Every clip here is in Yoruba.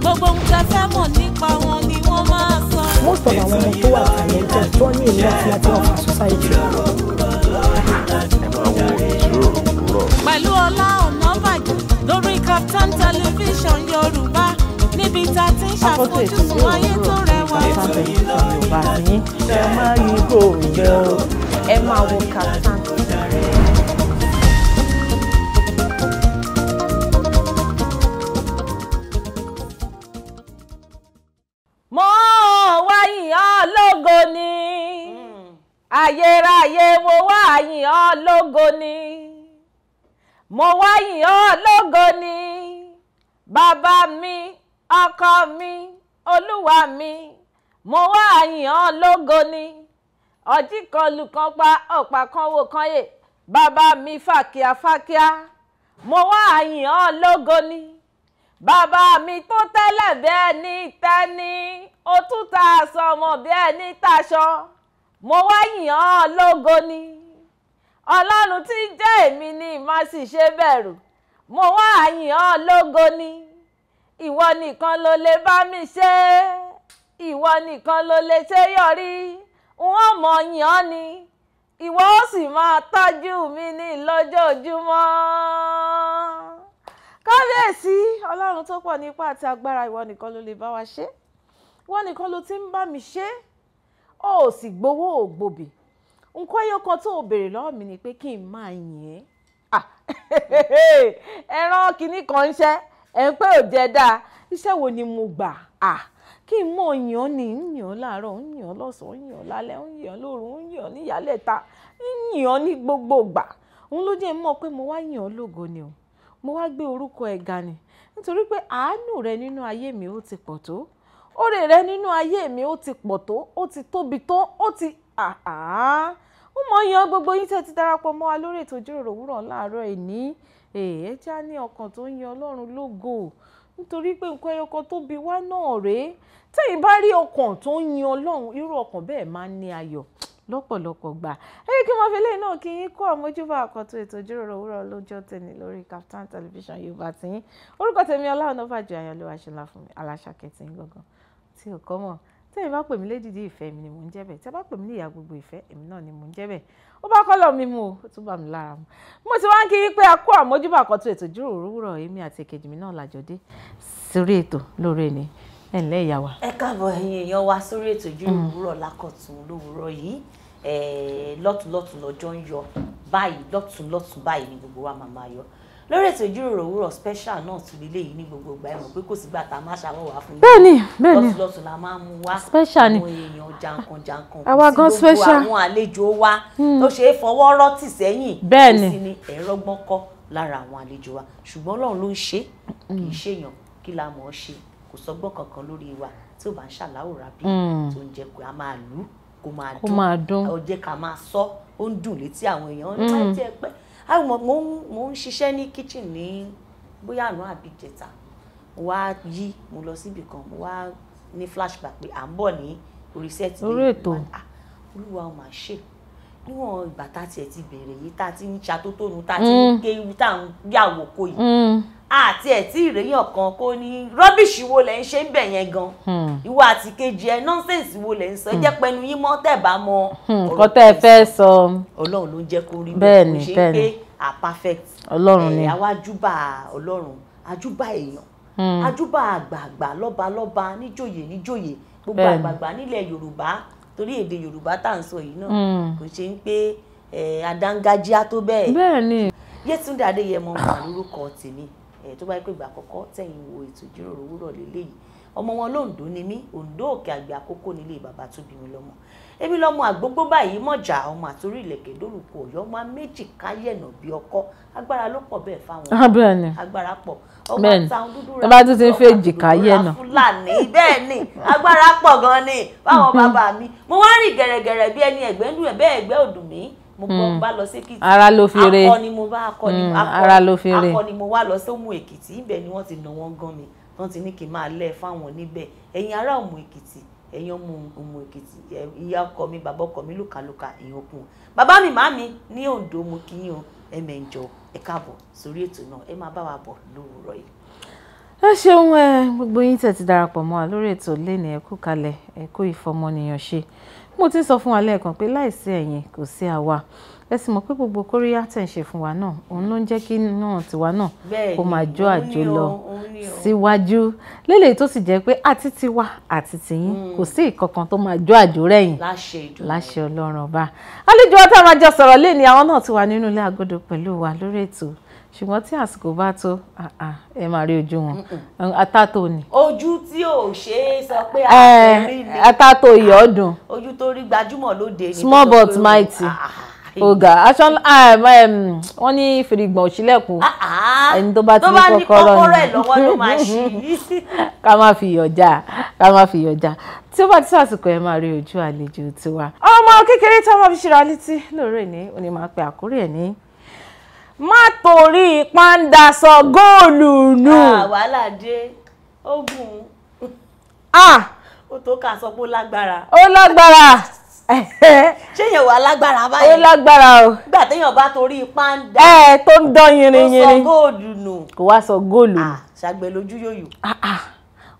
gbogbo ohun tẹ́ fẹ́ mọ̀ nípa wọn ni wọ́n máa sọ. most of àwọn ọmọ tó wà talented tó ní ìlú àti àti ọ̀fà society. pẹ̀lú Ọlá Ọ̀nàbàjọ lórí Kaftan television Yorùbá níbi tá a ti ń ṣàfojúsùn ayé tó rẹwà. ẹ máa yí kò rẹ̀ o ẹ máa wo Kaftan. ráyéráyé mo wá yìn ọ́ lógo ni mo wá yìn ọ́ lógo ni bàbá mi ọkọ mi olúwa mi mo wá yìn ọ́ lógo ni ọjí kan lù pa ọ̀pá kan wò kan yè bàbá mi fàkíà fàkíà mo wá yìn ọ́ lógo ni bàbá mi tó tẹ́lẹ̀ bẹ́ẹ̀ ní tẹ́ni ó tún ta aṣọ ọmọ bẹ́ẹ̀ ní taṣọ mo wá yìn ọ́ lógo ni ọlọ́run tí jẹ́ èmi ni má sì ṣe bẹ̀rù mo wá yìn ọ́ lógo ni ìwọ nìkan ló lè bá mi ṣe ìwọ nìkan ló lè ṣe yọrí n ó mọ̀ yìn ọ́ ni ìwọ ó sì máa tọ́jú mi ní lójoojúmọ́ kábíyèsí ọlọ́run tó pọ̀ nípa àti agbára ìwọ nìkan ló lè bá wa ṣe ìwọ nìkan ló ti ń bá mi ṣe ó sì gbowó ògbòbì nǹkan ẹyọ kan tó o béèrè lọ́wọ́ mi ni pé kí n máa yìn ẹ́ ẹran kìíní kan ń ṣẹ́ ẹ̀ ń pé ò jẹ́ dáa iṣẹ́ wo ni mo gbà á kí n mọ̀ yàn ni ń yàn láàárọ̀ ń yàn lọ́sàn-án ń yàn lálẹ́ ń yàn lóru ń yàn níyàlẹ́ta ń yàn ní gbogbo ìgbà òun ló jẹ́ mọ̀ pé mo wá yàn lógo ni o mo wá gbé orúkọ ẹ̀ ga ni nítorí pé àánú rẹ nínú ayé mi ó ti pọ̀ tó oore rẹ nínú ayé mi ó ti pọ̀ tó ó ti tóbi tó ó ti àá ó mọ̀ yan gbogbo yín tẹ́ ti darapọ̀ mọ́ wa lórí ètò ìjíròrò òwúrọ̀ láàárọ̀ ìní èèyàn já ní ọkàn tó ń yan ọlọ́run lógo nítorí pé nǹkan ẹyọkọ tó bi wá náà rèé tẹ́yìn bá rí ọkàn tó ń yan ọlọ́run irú ọkàn bẹ́ẹ̀ máa ń ní ayọ̀ lọ́pọ̀lọpọ̀ gbà ẹ̀yìn kí wọ́n fi lè náà kí yín kó àmójúbà àkọ́tún ètò ìjíròrò òwúrọ̀ lọ́jọ́ tẹ̀lé lórí Kaftan television yorùbá tiyín orúkọ tèmi Ọlá Ọ̀nàbàjọ́ ayọ̀lẹ́wà ṣọlá fún mi aláṣà kẹtì ń gbọ̀ngàn tí o kọ́ mọ̀ tẹ́mi bá pè mí lédìdí ìfẹ́ mi ni mò ń jẹ́ bẹ̀ tẹ́ bá pè mí ní ìyá gbogbo ìfẹ́ èmi náà ni mò ń jẹ́ bẹ̀ ó bá kọ́ lọ mi mu ó tún bá mi lára mu mo ti wá ń kí i pé a kó àmójúbà àkọ́tù ètò ìjíròrò òwúrọ̀ èmi àti èkejì mi náà làjọ dé sórí ètò lóore ni ẹ ǹlẹ́ ìyá wa. ẹ káàbọ̀ ẹ̀yin èèyàn wa sórí ètò ìjíròrò mm. lákọ̀tún lówùúrọ̀ yìí lọ́tùlọ́tù lọ́jọ́ ń yọ báyìí lọ́tùlọ́tù báyìí ni gbogbo wa máa máa yọ lórí ètò ìjíròrò òwúrọ̀ special náà tún lélẹ̀ yìí ní gbogbo ìgbà ẹ̀mọ̀ pé kò sígbà tá a máa ṣàwọ̀wá fún yín. bẹ́ẹ̀ni bẹ́ẹ̀ni lọ́tùlọ́tù la máa ń mú wá special ni àwọn èèyàn jankan-jankan àwa gan special àwọn àlejò wa hmm. tó ṣe é fọwọ́ rọ́ sẹ́yìn bẹ́ẹ̀ni kò sí ẹ̀rọ gbọ́n lára àwọn àlejò wa ṣùgbọ́n Ọlọ́run ló ń ṣe kì í hmm. ṣèyàn kí la mọ̀ ọ́ ṣe kò sọgbọ́n kankan lórí wa tí ò bá ń ṣàláwòrá bí hmm. tó ń jẹ́ pé a máa lù kó máa dún ọjẹ́ ká máa sọ ó ń dùn létí àwọn èèyàn ọ̀nà tí ẹ pẹ́ mo mo ń ṣiṣẹ́ ní kitchen ní bóyá àná àbí ìjẹta mo wá yí mo lọ síbì kan mo wá ní flashback pé à ń bọ̀ ní orí sẹ́ẹ̀tì lórí ètò ah, olúwa ò máa ṣe níwọ̀n ìgbà tá tiẹ̀ ti bẹ̀rẹ̀ yìí tá ti ń ṣatótónu tá ti ń mm. gé tá ń yàwó kó yìí mm àti ẹ̀tí ìrèyàn kan kó ní rọ́bìṣì wo lẹ̀ ń ṣe ń bẹ̀ yẹn gan hmm. ìwọ àti kejì ẹ nọ́ńsẹ̀nsì wo lẹ̀ ń sọ hmm. jẹ́ pẹnu yín mọ́ tẹ̀ bá mọ hmm, ọ̀rọ̀ tẹ́ ẹ fẹ́ sọ ọlọ́run ló ń jẹ́ kó rí bẹ́ẹ̀ kò ṣe pé a perfect ọlọ́run ni àwa júbà ọlọ́run àjúbà èèyàn àjúbà àgbààgbà lọ́ba lọ́ba níjòyè níjòyè gbogbo àgbààgbà nílẹ̀ yorùbá torí èdè yorùbá tá à ń sọ yìí náà kò ṣe ń pé àdángájíá tó bẹ́ẹ̀ Yétúndé Adéyẹmọ mà lórúkọ tèmi tó bá yẹ pé ìgbà àkọ́kọ́ tẹ̀yìn wo ètò ìjíròrò òwúrọ̀ lélẹ́yìí ọmọ wọn lóńdó ni mí òǹdó òkè àgbẹ̀ àkókò nílé bàbá tó bí mi lọ́mọ èmi lọ́mọ àgbógbó báyìí mọ̀jà ọmọ àtúrò ìlẹ̀kẹ̀ lórúkọ ọ̀yọ́ ọmọ méjì káyẹ̀nà bí ọkọ agbára ló pọ̀ bẹ́ẹ̀ fáwọn ah, agbára pọ̀ ọmọ àtàwọn dúdú rẹ̀ bá tún ti ń fẹ́ jì káyẹ̀nà fúlàní bẹ́ẹ̀ ni agbára pọ̀ gan ni báwọn bàbá mi mo wá rìn gẹ̀rẹ̀gẹ̀rẹ̀ bí ẹni ẹ̀gbẹ́ ń dùn mo gbọ́ hmm. bá lọ sí èkìtì ara ló fi hmm, akọ ni mo bá akọ ni ara ló fi akọ ni mo wá lọ sómù èkìtì ibẹ̀ ni wọ́n ti nà wọ́n gan mi wọ́n ti ní kí n máa lẹ̀ e fáwọn níbẹ̀ ẹ̀yin ará òmù èkìtì ẹ̀yin ọmọ òmù èkìtì ìyá ọkọ mi bàbá ọkọ mi lùkàlùkà ìyókùn bàbá mi màmí ní Oǹdó mo kí yín o ẹ̀mẹ̀ǹjọ ẹ káàbọ̀ sórí ètò náà ẹ máa bá wa bọ̀ lówùúrọ̀ yìí. ẹ ṣeun ẹ gbogbo yín tẹ̀ ti darapọ̀ mọ́ wa ètò lẹ́nìí ẹ kalẹ̀ ẹ ìfọmọnìyàn ṣe mo ti sọ fún wa lẹ́ẹ̀kan pé láìsí ẹ̀yin kò sí àwa ẹ sì mọ̀ pé gbogbo kóríyá tẹ̀ ń ṣe fún wa náà òun ló ń jẹ́ kí náà tiwa náà kó máa jó àjò lọ síwájú lélẹ̀ tó sì jẹ́ pé àti tiwa àti tiyín hmm. kò sí ìkankan tó máa jó àjò rẹ̀yìn láṣẹ ọlọ́run ọba àlejò wa tá a máa jọ sọ̀rọ̀ lé àwọn náà ti wà nínú ilé agodo pẹ̀lú wa lórí ètò ṣùgbọ́n tí àsìkò bá tó ẹ máa rí ojú wọn atátó ni. ojú tí ò ṣe é sọ pé àtẹ̀rí ni atátó iyọ̀ ọdún. ojú tó rí gbajúmọ̀ lóde small but mighty Oga, ah, ah, ah. aṣọ wọn ní fìrìgbọ̀n òṣìlẹ̀kùn ẹni tó bá ti ní kọ́kọ́rọ́ ni ká má fi iyọ̀ já ká má fi iyọ̀ já tí ó bá ti sàsìkò ẹ máa rí ojú àlejò tiwa. ọmọ kékeré tí wọn fi ṣe ra létí lóore ní onímọ̀ pé àkórí ẹ̀ ní má torí pàǹdà sọ góòlù nù. wàhálà dé ogun ó tó kà sọ pé ó lágbára. ó lágbára ṣé èèyàn wà lágbára báyìí. ó lágbára o. nígbà téèyàn bá torí pàǹdà. ẹ tó ń dán yinrin yinrin. kò sọ góòlù nù. kò wá sọ góòlù nù. ṣàgbẹ̀ lójú yòyò.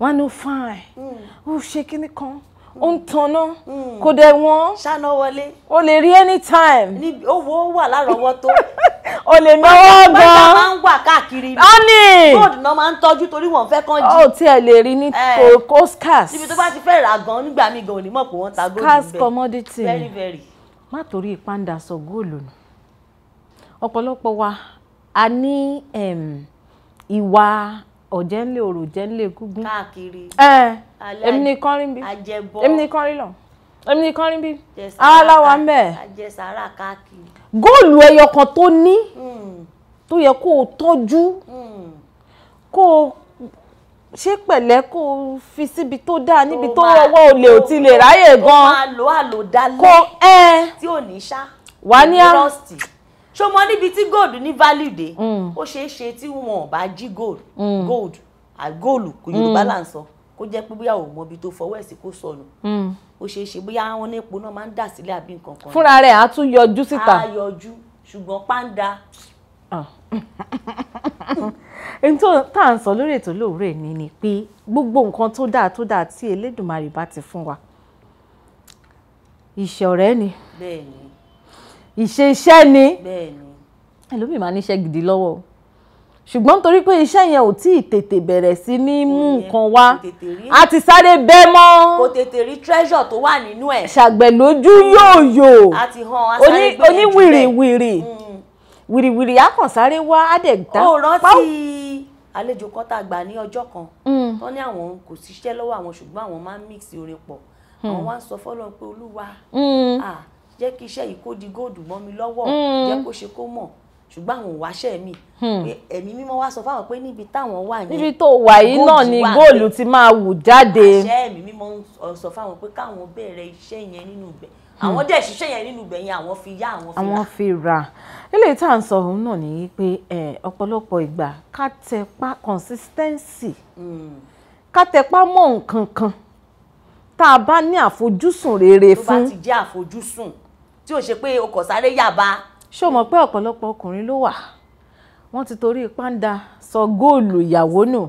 wọ́n ní fine hmm. ó ṣe kínní kan ó ń tanná kò dẹ̀ wọ́n ṣáná wọlé o lè rí anytime níbi owó wà lárọ̀ọ́wọ́tó o lè náwó gan bàtà máa ń wà káàkiri ani gold náà máa ń tọ́jú torí wọ́n fẹ́ kán jí ó tiẹ̀ lè rí ní kò scarce tó bá ti fẹ́ rà gan nígbà mi gan ò ní mọ̀ pé wọ́n ta gold níbẹ̀ scarce commodity very very má torí panda sọ góòlù nù ọ̀pọ̀lọpọ̀ wa a ní ìwà ọ̀jẹ̀ ńlẹ̀ òrò jẹ́ ńlẹ̀ gúngún. káàkiri èmi ni kọ́rin bí èmi ni kọ́rin lọ èmi ni kọ́rin bí aláwa ń bẹ̀. àjẹsára káàkiri. góòlù ẹyọ kan tó ní hmm. tó yẹ kó o tọ́jú hmm. kó o ṣé pẹ̀lẹ́ kó o fi síbi tó dáa níbi tó ọwọ́ olè ò ti lè ráyè gan-an kó ẹ tí ò ní ṣá wà ní rọ́ọ̀sì ṣó mọ níbi tí gold ní value dé mm. ó ṣeé ṣe tí wọn ò bá jí gold mm. gold àgóòlù kò yorùbá mm. là ń sọ kó jẹ́ pé bóyá òun mọbi tó fọwọ́ ẹ̀ sí kó sọnù ó ṣeé ṣe bóyá àwọn ní epo náà máa ń dà sílẹ̀ àbí nǹkan kan. fúnra rẹ̀ á tún yọjú síta. á yọjú ṣùgbọ́n pàǹdà. ohun ah. tó tá ń sọ lórí ètò lóòrè ni ni pé gbogbo nǹkan tó dáa tó dáa tí Elédùmarè bá ti fún wa ìṣọ̀rẹ́ ni. bẹ́ẹ̀ ni ìṣe iṣẹ́ ni ẹlòmíì máa níṣẹ́ gidi lọ́wọ́ ṣùgbọ́n nítorí pé iṣẹ́ yẹn ò tí ì tètè bẹ̀rẹ̀ sí ní mú nǹkan wá a ti sáré bẹ́ mọ́. kò tètè rí treasure tó wà nínú ẹ̀. ṣàgbẹ̀ lójú yòòyò oníwìrìwìrì mm. wìrìwìrì á kàn sáré wá á dẹ̀ dá. ó rántí àlejò kan tá a gbà ní ọjọ́ kan mm. tó ní àwọn kò síṣẹ́ lọ́wọ́ àwọn ṣùgbọ́n àwọn máa ń mix orin pọ̀ mm. àwọn wá ń sọ fọ́lọ́ pé olúwa jẹ́ kí iṣẹ́ yìí kó di góòdù mọ́ mi lọ́wọ́ hmm. jẹ́ kó ṣe kó mọ̀ ṣùgbọ́n àwọn òwáṣẹ́ mi hmm. ẹ̀mí mímọ́ wá sọ fáwọn pé níbi táwọn wà yẹn níbi tó wà yìí náà ni góòlù ti máa wù jáde àṣẹ ẹ̀mí mímọ́ sọ fáwọn pé káwọn bẹ̀rẹ̀ iṣẹ́ yẹn nínú ibẹ̀ hmm. àwọn dẹ̀ ṣiṣẹ́ yẹn nínú ibẹ̀ yẹn àwọn fi yá àwọn fi rà. àwọn fi rà eléyìí tá à ń sọ òun náà nìyí pé ọ̀pọ̀lọpọ̀ ìgbà ká tẹpá consistency ká tẹpá mọ́ nǹkan tá a bá ní àfojúsùn rere fún tó bá ti jẹ́ àfojúsùn tí ò ṣe pé o kò sáré yàbá. ṣé o mọ̀ pé ọ̀pọ̀lọpọ̀ ọkùnrin ló wà wọ́n ti torí pàǹdà sọ góòlù ìyàwó nù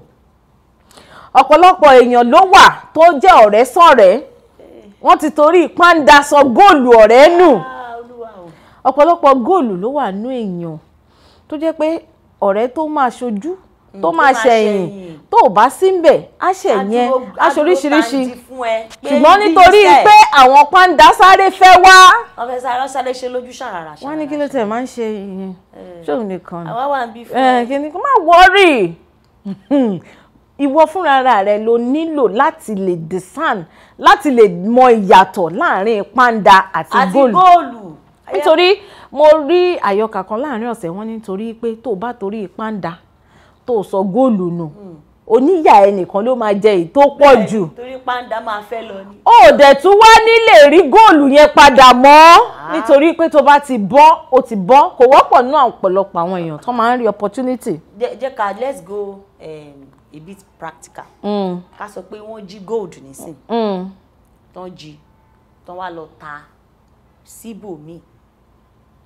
ọ̀pọ̀lọpọ̀ èèyàn ló wà tó jẹ́ ọ̀rẹ́ sọ̀rẹ́ wọ́n ti torí pàǹdà sọ góòlù ọ̀rẹ́ nù ah, ọ̀pọ̀lọpọ̀ góòlù ló wà nù èèyàn tó jẹ́ pé ọ̀rẹ́ tó máa ṣojú Mm. tó máa ṣẹ̀yìn tó o bá sí ńbẹ̀ aṣẹ̀yìn ẹ aṣoríṣiríṣi ṣùgbọ́n nítorí pé àwọn pàǹdà sáré fẹ́ wá. wọ́n fẹ́ sáré sáré ṣe lójú ṣàràrà ṣàràrà. wọ́n ní kí ló tẹ̀ máa ń ṣe ìyẹn eh. ṣóun nìkan ni àwa wà ń bí fún eh, ẹ. kí ni kó má wọ́rì ìwọ fúnra rẹ ló nílò láti lè discern láti lè mọ ìyàtọ̀ láàrin pàǹdà àti góòlù nítorí mo rí àyọkà kan láàrin ọ̀sẹ̀ wọn nítorí pé tó o bá torí pàǹdà tó sọ góòlù nù hmm. oníyà ẹnìkan ló máa jẹ èyí tó pọ̀ jù. torí pàǹdà máa fẹ́ lọ ni. ó dẹ̀ tún wá nílé rí góòlù yẹn padà mọ́ ah. nítorí pé tó bá ti bọ́ o ti bọ́ kò wọ́pọ̀ nínú ọ̀pọ̀lọpọ̀ àwọn èèyàn tó máa ń rí opportunity. jẹ́ ká let's go um, a bit practical. Hmm. ká sọ pé wọ́n jí gold nísìn. Hmm. tán jí tán wá lọ ta síbòmíì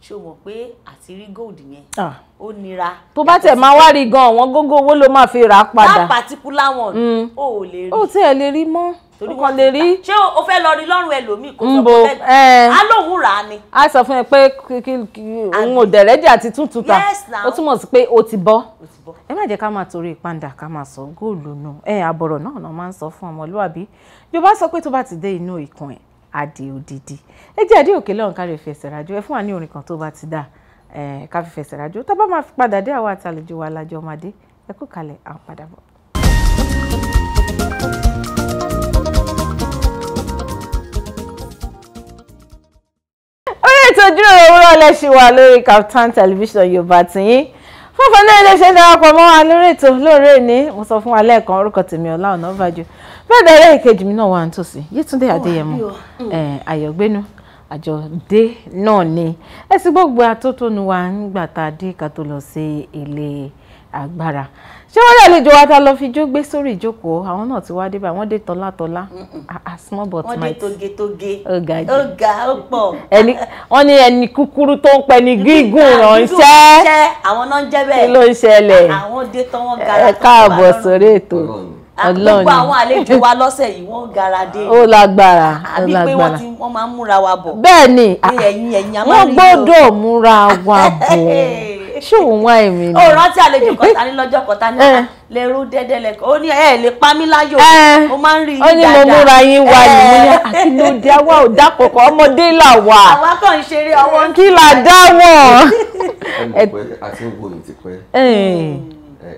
ṣó mọ̀ pé àti rí gold yẹn ah. ó nira. tó bá tẹ̀ máa wá rí gan àwọn gógó owó ló máa fi rà á padà. that particular one ó mm. ò lè rí. ó tiẹ̀ lè rí mọ́ torí wọn lè rí. ṣé o fẹ́ lọ rí lọ́rùn ẹlòmíì kó sọ pé bẹ́ẹ̀ á lóun rà á ni. a sọ fún ẹ pé òun ò dẹ̀rẹ́dì àti tuntun ta ó túmọ̀ sí pé o ti bọ́. ẹ má jẹ́ ká máa torí ìpandà ká máa sọ góòlù nù ẹ àbọ̀rọ̀ náà náà máa ń sọ fún ọmọlúwàbí yorùbá sọ pé tó bá ti dé inú ìkùn ẹ̀ adì òdìdí ẹ jẹ́ àdí òkè lọ́run kárí ìfẹsẹ̀ rájò ẹ fún wa ní orin kan tó bá ti dà ká fi fẹsẹ̀ rájò tá a bá máa padà dé àwọn àtàlejò wa lájọ ọmọdé ẹ kú kalẹ̀ à padà bọ̀. orí ètò ìjíròrò òwúrọ̀ lẹ́sìn wa lórí Kaftan television yorùbá tìyín fúnfún náà ilé iṣẹ́ darapọ̀ mọ́ wa lórí ètò lóore ní mo sọ fún wa lẹ́ẹ̀kan orúkọ tèmi Ọlá Ọ̀nàbàjọ́ bẹ́ẹ̀ bẹ́ẹ̀ ìkejì mi náà wà nítòsí Yétúndé Adéyẹmọ mm. Ayọ̀gbénu àjọdé náà ni ẹ sì gbogbo atótónu wa nígbà tá a dé ká tó lọ sí ilé agbára ṣé wọ́n lè lejò wa ta lọ fi jó gbé sórí ìjókòó àwọn náà ti wá dé báyìí wọ́n dé tọ́látọ́lá a small but might wọ́n dé togetóge ọ̀gá ọ̀gá ó pọ̀ wọ́n ní ẹni kúkúrú tó ń pẹ́ ní gígùn ránṣẹ́ àwọn náà ń jẹ́ bẹ́ẹ̀ kí ló ń ṣẹlẹ̀ àwọn dé tọ́wọ́n gara tó bá lọ́rùn ẹ káàbọ̀ sórí ètò. Ah, gbogbo àwọn àlejò wa lọ́sẹ̀ yìí wọ́n garadé. ó lágbára ah, ó lágbára àbí pé wọ́n ti wọ́n máa ń múra wa bọ̀. bẹ́ẹ̀ ni wọ́n gbọ́dọ̀ múra wa bọ̀ ṣóun wá èmi ni. ó rántí àlejò kan ta ní lọ́jọ́ kan ta ní eh. ah, lè rú dẹ́dẹ́ lẹ́kọ̀ọ́ ó ní ẹ eh, lè pa mí láyò ó eh. máa ń rí yín dáadáa. ó ní mo múra yín wa ni mo ní àti ló dé àwa ò dákọ̀kọ̀ ọmọdé là wà. àwa kàn ń ṣeré ọwọ́ kí là dáwọ̀. ẹ mọ̀ pé àti ń wo ìtìpẹ́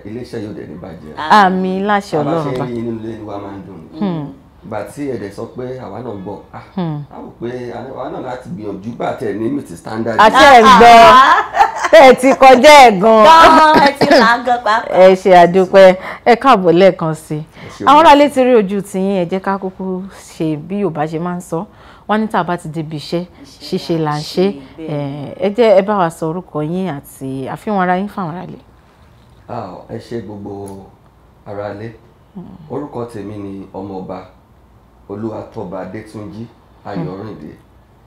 iléeṣẹ́ yóò dẹ̀ ní bàjẹ́. Ah. àmì láṣẹ ọlọ́run bá. àbáṣe yín nínú ilé wa máa ń dùn hmm. gbà tí ẹ̀dẹ̀ sọ pé àwa náà gbọ́ ah, hmm. a rò pé àwa náà láti gbìyànjú bá tẹ̀ ní mìtì standard. àṣẹ ẹ̀ ah, gbọ́ ẹ ti kọjá ẹ̀ gan-an ẹ ti là á gan pàápàá. ẹ ṣe àdúpẹ́ ẹ káàbọ̀ lẹ́ẹ̀kan sí i àwọn aráalé ti rí ojú tiyín ẹ jẹ́ ká kúkú ṣe bí Yorùbá ṣe máa ń sọ wọ́n ní tá a bá ti débi iṣẹ́ ṣíṣe là ń ṣe ẹ jẹ́ ẹ bá wa sọ orúkọ yín àti àfihàn ara yín fáwọn aráalé ẹ ṣe gbogbo aráalé hmm. orúkọ tèmi ni ọmọọba olúwatọ́ba adétúnjì ayọ̀rìndé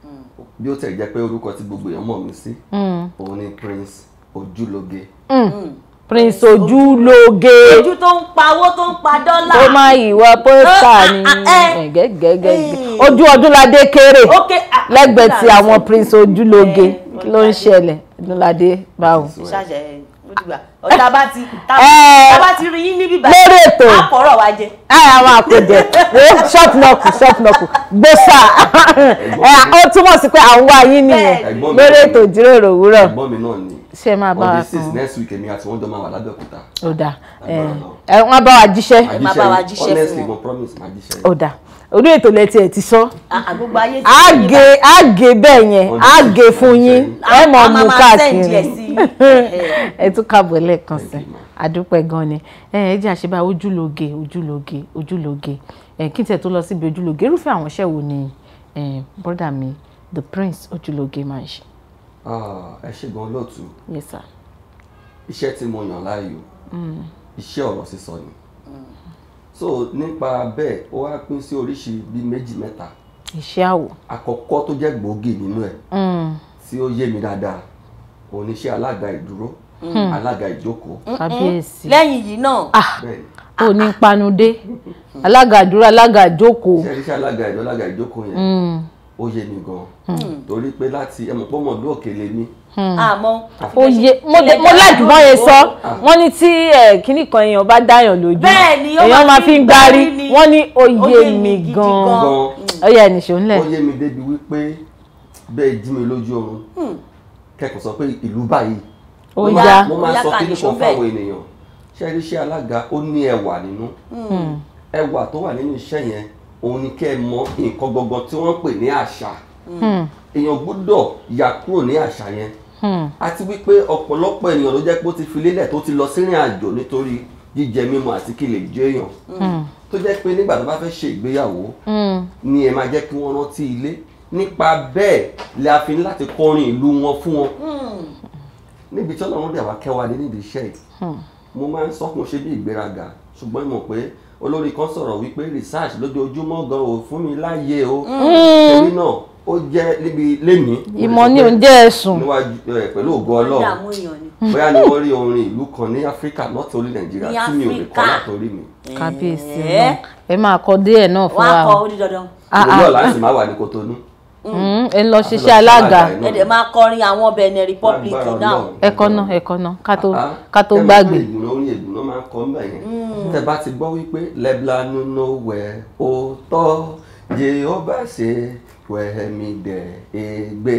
hmm. Hmm. bí ó tẹ̀ jẹ́ pé orúkọ tí gbogbo èèyàn mọ̀ mí sí òun ni prince ojúlóge. Mm. prince ojúlóge. ojú tó ń pa owó tó ń pa dọ́là. ó máa ìwà pọ́sà ni gẹ́gẹ́gẹ́ ah, ah, ah, eh. ojú ọdúnládé kéré lẹ́gbẹ̀ẹ́ ti àwọn prince ojúlóge kí eh, ló ń ṣẹlẹ̀ ọdúnládé báwo. ṣáṣẹ ó dìgbà ọ̀tá bá ti tábà ti rí yín níbí báyìí lórí ètò àpọ̀rọ̀ wa jẹ. àyà àwọn àpèjẹ ṣọ́ọ̀pù nọ́ọ̀kù ṣọ́ọ̀pù nọ́ọ̀kù gbèsà ó túmọ̀ sí pé àwọn wá yín nìyẹn lórí ètò ìjíròrò òwúrọ̀ ṣe máa bá wa kan next week èmi àti wọn jọ máa wà lábẹ́òkúta. ó dà ẹ wọn bá wa jíṣẹ́. ẹ bá wa jíṣẹ́ fún wọn honestly mo promise máa jíṣẹ́. ó dà orí ètò lẹ́tí ẹ̀ ti sọ. àgè àgè bẹ́ẹ̀ yẹn àgè fún yín ẹ mọ̀ mú káàkiri ẹ tún káàbọ̀ lẹ́ẹ̀kan sí àdúpẹ́ gan ni ẹ ẹ jẹ́ àṣebá ojúlóge ojúlóge ojúlóge ẹ kí n tẹ̀ tó lọ síbi ojúlóge irúfẹ́ àwọn iṣẹ́ wo ni bọ́dà mi the prince ojúlóge máa ń ṣe. Ah, ẹ ṣe gan lóòtú iṣẹ́ tí mo yàn láàyò mm. iṣẹ́ ọ̀rọ̀ sísọ ni so nípa bẹ́ẹ̀ ó wá pín sí oríṣi bíi méjì mẹ́ta. iṣẹ́ àwò. àkọ́kọ́ tó jẹ́ gbòógì nínú ẹ̀ mm. tí ó yé mi dáadáa òun ni iṣẹ́ alága ìdúró mm. alága ìjókòó. kábíyèsí lẹ́yìn yìí náà ah, ó ní panudé alága ìdúró alága ìjókòó. iṣẹ́ alága ìdúró alága ìjókòó yẹn mm ó yé mi gan-an hmm. hmm. torí pé láti ẹmọ pọ́ mọ̀ lóòkè lè ní. àmọ́ ó yé mo lájú wọn yẹn sọ ah. wọn ní tí kíní kan èèyàn bá dáyàn lójú èèyàn máa fi ń gbárí wọn ní ó yé mi gan-an ó yẹ ẹnìṣó ńlẹ̀. ó yé mi débi wípé bẹ́ẹ̀ jí mi lójú oorun hmm. kẹ́kọ̀ọ́ sọ pé ìlú báyìí ó yá mo máa sọ kíní kan fáwọn ènìyàn ṣé iṣẹ́ alága ó ní ẹwà nínú ẹwà tó wà nínú iṣẹ́ yẹn òun ni kẹ́ ẹ mọ nǹkan gbọ̀ngàn tí wọ́n ń pè ní àṣà hmm. èèyàn gbọ́dọ̀ yà kúrò ní àṣà yẹn hmm. àti wípé ọ̀pọ̀lọpọ̀ ènìyàn ló jẹ́ pé ó ti fi lélẹ̀ tó ti lọ sírìn àjò nítorí jíjẹ mímu àti kí lè jẹ́ èèyàn hmm. tó jẹ́ pé nígbà tó bá fẹ́ ṣe ìgbéyàwó ni ẹ máa jẹ́ kí wọ́n rántí ilé nípa bẹ́ẹ̀ la fi ní láti kọrin ìlú wọn fún wọn níbi tí ọlọ́run dẹ̀ wá kẹwàá dé níbi iṣẹ́ yìí mo máa ń sọ ṣe bí ìgbéraga ṣùgbọ́n mo pé olórí kan sọ̀rọ̀ wípé research lójoojúmọ́ gan ò fún mi láàyè o mm. torí náà ó jẹ́ níbi lẹ́ni. ìmọ̀ ni òun jẹ́ ẹ̀sùn. níwájú ẹ pẹ̀lú ògo ọlọ́run bóyá ni wọ́n rí orin ìlú kan ní áfíríkà not only nàìjíríà tí mi ò lè kọ́ látòrí mi. kábíyèsí náà ẹ máa kọ díẹ̀ náà fún wa. wàá kọ ó ní dandan. ìlú ọ̀la sì máa wà ní kotonu. Mm. Mm, ẹ lọ ṣiṣẹ́ alága ẹ dẹ̀ máa kọrin àwọn Benin Republic náà. ẹ̀kọ́ náà ẹ̀kọ́ náà ká tó ah, gbàgbé. tẹ́lẹ̀ ìgbìmọ̀ orí ìgbìmọ̀ máa kọ́ ń bẹ̀yẹn mm. tẹ́ bá ti gbọ́ wípé lẹ́bílánú nowhere ó tọ́. Jehova ṣe wẹ̀mídẹ̀ ègbé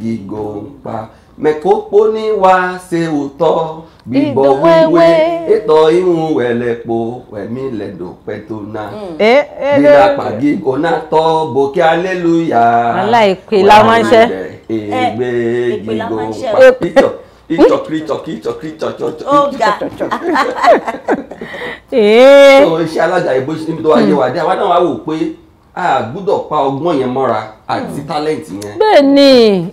gígùnpa mẹ̀kópó ní wa ṣe òótọ́ gbígbọ́ wíwé ètò ìhun wẹ̀lẹ̀pọ̀ wẹ̀mí lẹ́dọ̀ pẹ̀tọ́nà gbìlápà hmm. eh, eh, eh, gígùnà tọ́ bòkí aleluya wẹ̀mídẹ̀ ègbé gígùnpa pítọ̀ ìtọ̀ kìrìtọ̀ kìrìtọ̀ kìrìtọ̀ tọ̀tọ̀ ìtọ̀ oh, tó ń ṣe alága ìbò níbi tó wá yẹ wà dé àwa náà wá wò pé a gbúdọ̀ pa ọgbọ́n yẹn mọ́ra àti tálẹ́ǹtì yẹn. bẹ́ẹ̀ ni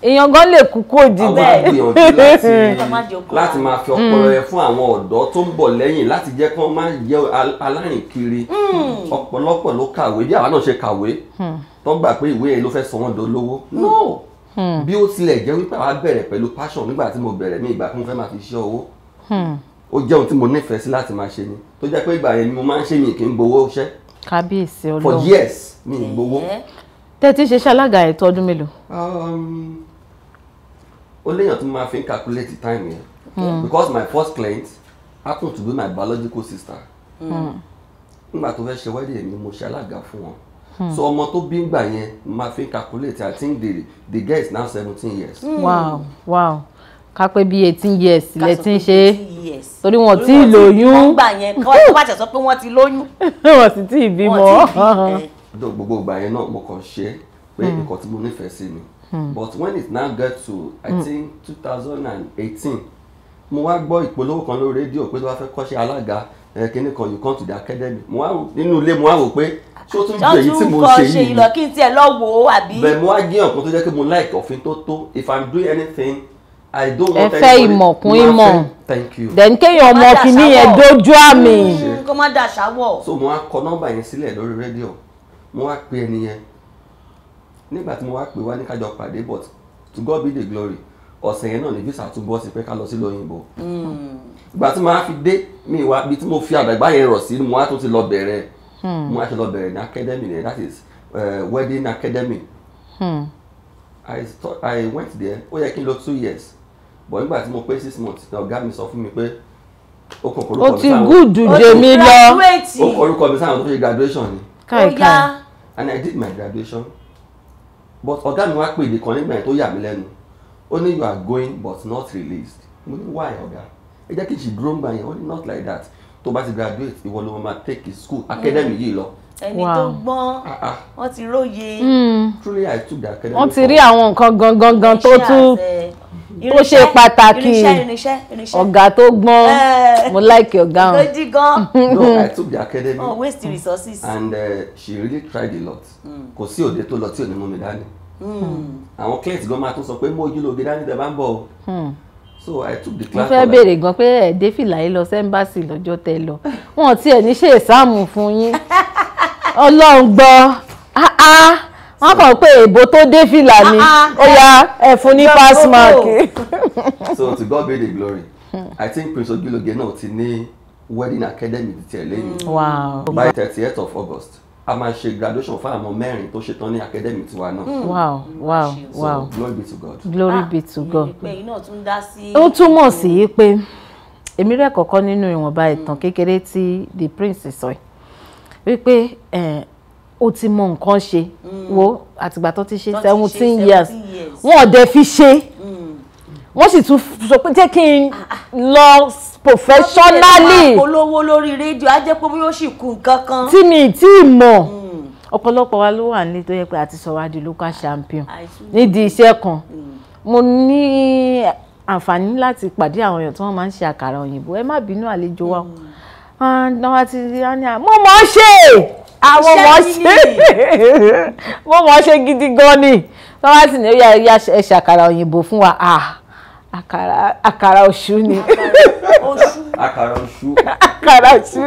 èèyàn gan lè kú kó dìde. àwọn agbìyànjú láti máa fi ọpọlọ yẹn fún àwọn ọ̀dọ́ tó ń bọ̀ lẹ́yìn láti jẹ́ kí wọ́n máa jẹ́ alárìnkiri hmm. ọ̀pọ̀lọpọ̀ ló kàwé bí àwa náà ṣe kàwé hmm. tó gbà pé ìwé yẹn ló fẹ́ sọ wọ́n dolówó. no hmm. bí ó tilẹ̀ jẹ́ wípé àwa bẹ̀rẹ̀ pẹ̀lú passion nígbà tí mo bẹ̀rẹ̀ ní ìgbà tí mo fẹ́ máa fi ṣe owó ó jẹ́ ohun tí mo nífẹ̀ẹ́ sí láti máa ṣe ni tó jẹ́ kábíyèsí ọlọ́run for years mi ì gbowó. tẹ́tí ṣe ṣalága ètò ọdún mélòó. Um, ó léèyàn tó máa fi ń calculate the time yẹn hmm. because my first client happen to be my biological sister hmm. Hmm. nígbà tó fẹ́ ṣe wedding mi mo ṣe fún wọn so ọmọ tó bí ń gbà yẹn máa fi ń calculate i think the the girl is now seventeen years. wow wow ká pé bíi eighteen years lẹ ti ń ṣe é years. torí wọn tí ì lóyún. wọ́n gbà yẹn kọ́ bá tẹ̀ sọ pé wọ́n ti lóyún. wọ́n sì tí ì bímọ. ọdọ eh. gbogbo ìgbà yẹn náà mo kàn ṣe pé hmm. nǹkan tí mo nífẹ̀ẹ́ sí ni hmm. but when it now get to i hmm. think two thousand and eighteen mo wá gbọ́ ìpolówó kan lórí rédíò pé tó bá fẹ́ kọ́ṣẹ́ alága eh, kínní kan you come to the academy mo wá nínú ilé mo wá wò pé ṣó tún jẹ èyí tí mo ṣe yìí ṣe ìlọ kí n tiẹ̀ lọ wò ó àbí. bẹ́ẹ̀ mo wá gé ọ̀kan tó jẹ́ pé mo like òfin tó tó if i'm doing anything I don't want anybody. Ẹ fẹ́ ìmọ̀ kún ìmọ̀. Thank you. Then kéèyàn ọmọ kìíní yẹn dojú àmì. Mm, Kó má dà sáwọ̀. So mo wá kọ nọ́mbà yẹn sílẹ̀ lórí rédíò. Mo wá pe ẹni yẹn. Nígbà tí mo wá pè wá ní kájọ pàdé but to God be the glory. Ọ̀sẹ̀ yẹn náà ni visa tún bọ́ sí pé ká lọ sí lóyìnbó. Mm. Ìgbà tí mo wá fi dé mi wá bí tí mo fi àdàgbà yẹn rọ̀ sí mo wá tún ti lọ bẹ̀rẹ̀. Hmm. Mo wá ti lọ bẹ̀rẹ̀ ní academy yẹn that is uh, wedding academy. Hmm. I, I went there ó yẹ kí n lọ two years bọ̀ nígbà tí mo pé six months náà ọ̀gá mi sọ fún mi pé ó kọ orúkọ mi sáwọn ó ti gúdù jèmi lọ ó kọ orúkọ mi sáwọn tó ṣe graduation ni káìkáì and I did my graduation but ọ̀gá mi wá pè é kan nígbà yẹn tó yà mí lẹ́nu ó ní you are going but not released mo ní why ọ̀gá ẹ jẹ́ kí n ṣì dúró ń yẹn ó ní not like that tó bá ti graduate ìwọ ló máa take school mm. academy yìí lọ ẹni tó gbọ́n ah, ah. wọ́n ti róye. Hmm. truly I took the academy. wọ́n ti rí àwọn nǹkan gangan tó tún ó ṣe pàtàkì ọ̀gá tó gbọ́n eh. mo like your gown. lójí gan. no i took the academy. oh waste the resources. and uh, she really tried a lot. Hmm. kò sí òde tó lọ tí ò ní mú mi dání. Hmm. àwọn clients gan máa tún sọ pé mo ojú lòdì dání tẹ́ bá ń bọ̀ o hmm. so i took the class. mo fẹ́ béèrè gan pé ẹ̀ dé fìlà yìí lọ sẹ́ńbàṣì lọ́jọ́ tẹ́ lọ wọn ò tiẹ̀ ní ṣe ìsáàmù fún yín ọlọ́run gbọ́ ah ah wọ́n kàn pé èbó tó dé fìlà ni ah, ah. ó yá ẹ fún ní pass mark. so to God be the glory i think Prince Ojuloge náà ti ní wedding academy tiẹ̀ lẹ́yìn mm. by thirtieth of August a máa ṣe graduation fún àwọn mẹ́rin tó ṣetán ní academy tiwa náà. wow mm. wow wow so glory be to God. glory ah, be to God. ó túmọ̀ sí mm. pé èmi rẹ̀ kọ̀ọ̀kan nínú ìwọ̀nba ìtàn kékeré tí the prince sọ yìí wípé eh, ó ti mọ nǹkan ṣe mm. wo àtìgbà tó ti ṣe seventeen years wọn ò dẹ̀ fi ṣe mm. wọ́n sì tún sọ pé jẹ́ kí n ah, ah. lọ professionally. olówó lórí rédíò á jẹ́ pé bí ó sì kú nǹkan kan. tí mi tí ì mọ̀ mm. ọ̀pọ̀lọpọ̀ wa ló wà ní tó yẹ pé àti sọ̀rọ̀ adi local champion nídìí iṣẹ́ kan mo ní àǹfààní láti pàdé àwọn èèyàn tí wọ́n máa ń ṣe àkàrà òyìnbó ẹ má bínú àlejò wa náà wá ti ṣe é àwọn wọ́n ṣe wọ́n wọ́n ṣe gidi gan ni wọ́n wá sì ní ó yà ẹ ṣàkàrà òyìnbó fún wa ah, àkàrà òṣù ni. àkàrà òṣù. àkàrà òṣù.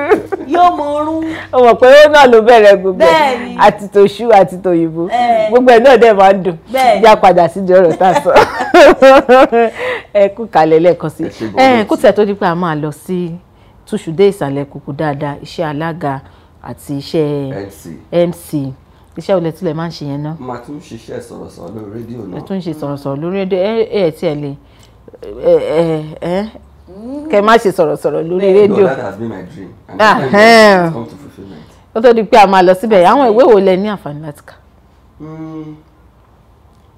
yóò mọ ọrún. o mọ̀ pé ó náà ló bẹ̀rẹ̀ gbogbo ẹ̀ àti tòṣù àti tòyìnbó gbogbo ẹ̀ náà dẹ̀ máa ń dùn já padà sídìí ọ̀rọ̀ tá a sọ ẹ kú kalẹ̀ lẹ́ẹ̀kan sí i kó tẹ̀ tó di pé a máa lọ sí túṣùdé ìsàlẹ̀ kùkù dáadáa iṣẹ́ alága àti iṣẹ́ MC iṣẹ́ olè tilẹ̀ máa ń ṣe yẹn náà. màá tún ṣiṣẹ́ sọ̀rọ̀sọ̀rọ̀ lórí rédíò náà. ẹ tún ṣe sọ̀rọ̀sọ̀rọ̀ lórí rédíò ẹ ẹ tí ẹ lè ẹ ẹ ẹ kẹ má ṣe sọ̀rọ̀sọ̀rọ̀ lórí rédíò. no that has been my dream and ah, come to fulfilment. ó tó di pé a máa lọ síbẹ̀ àwọn ìwé wo lẹ ní àǹfààní láti kà. Hmm.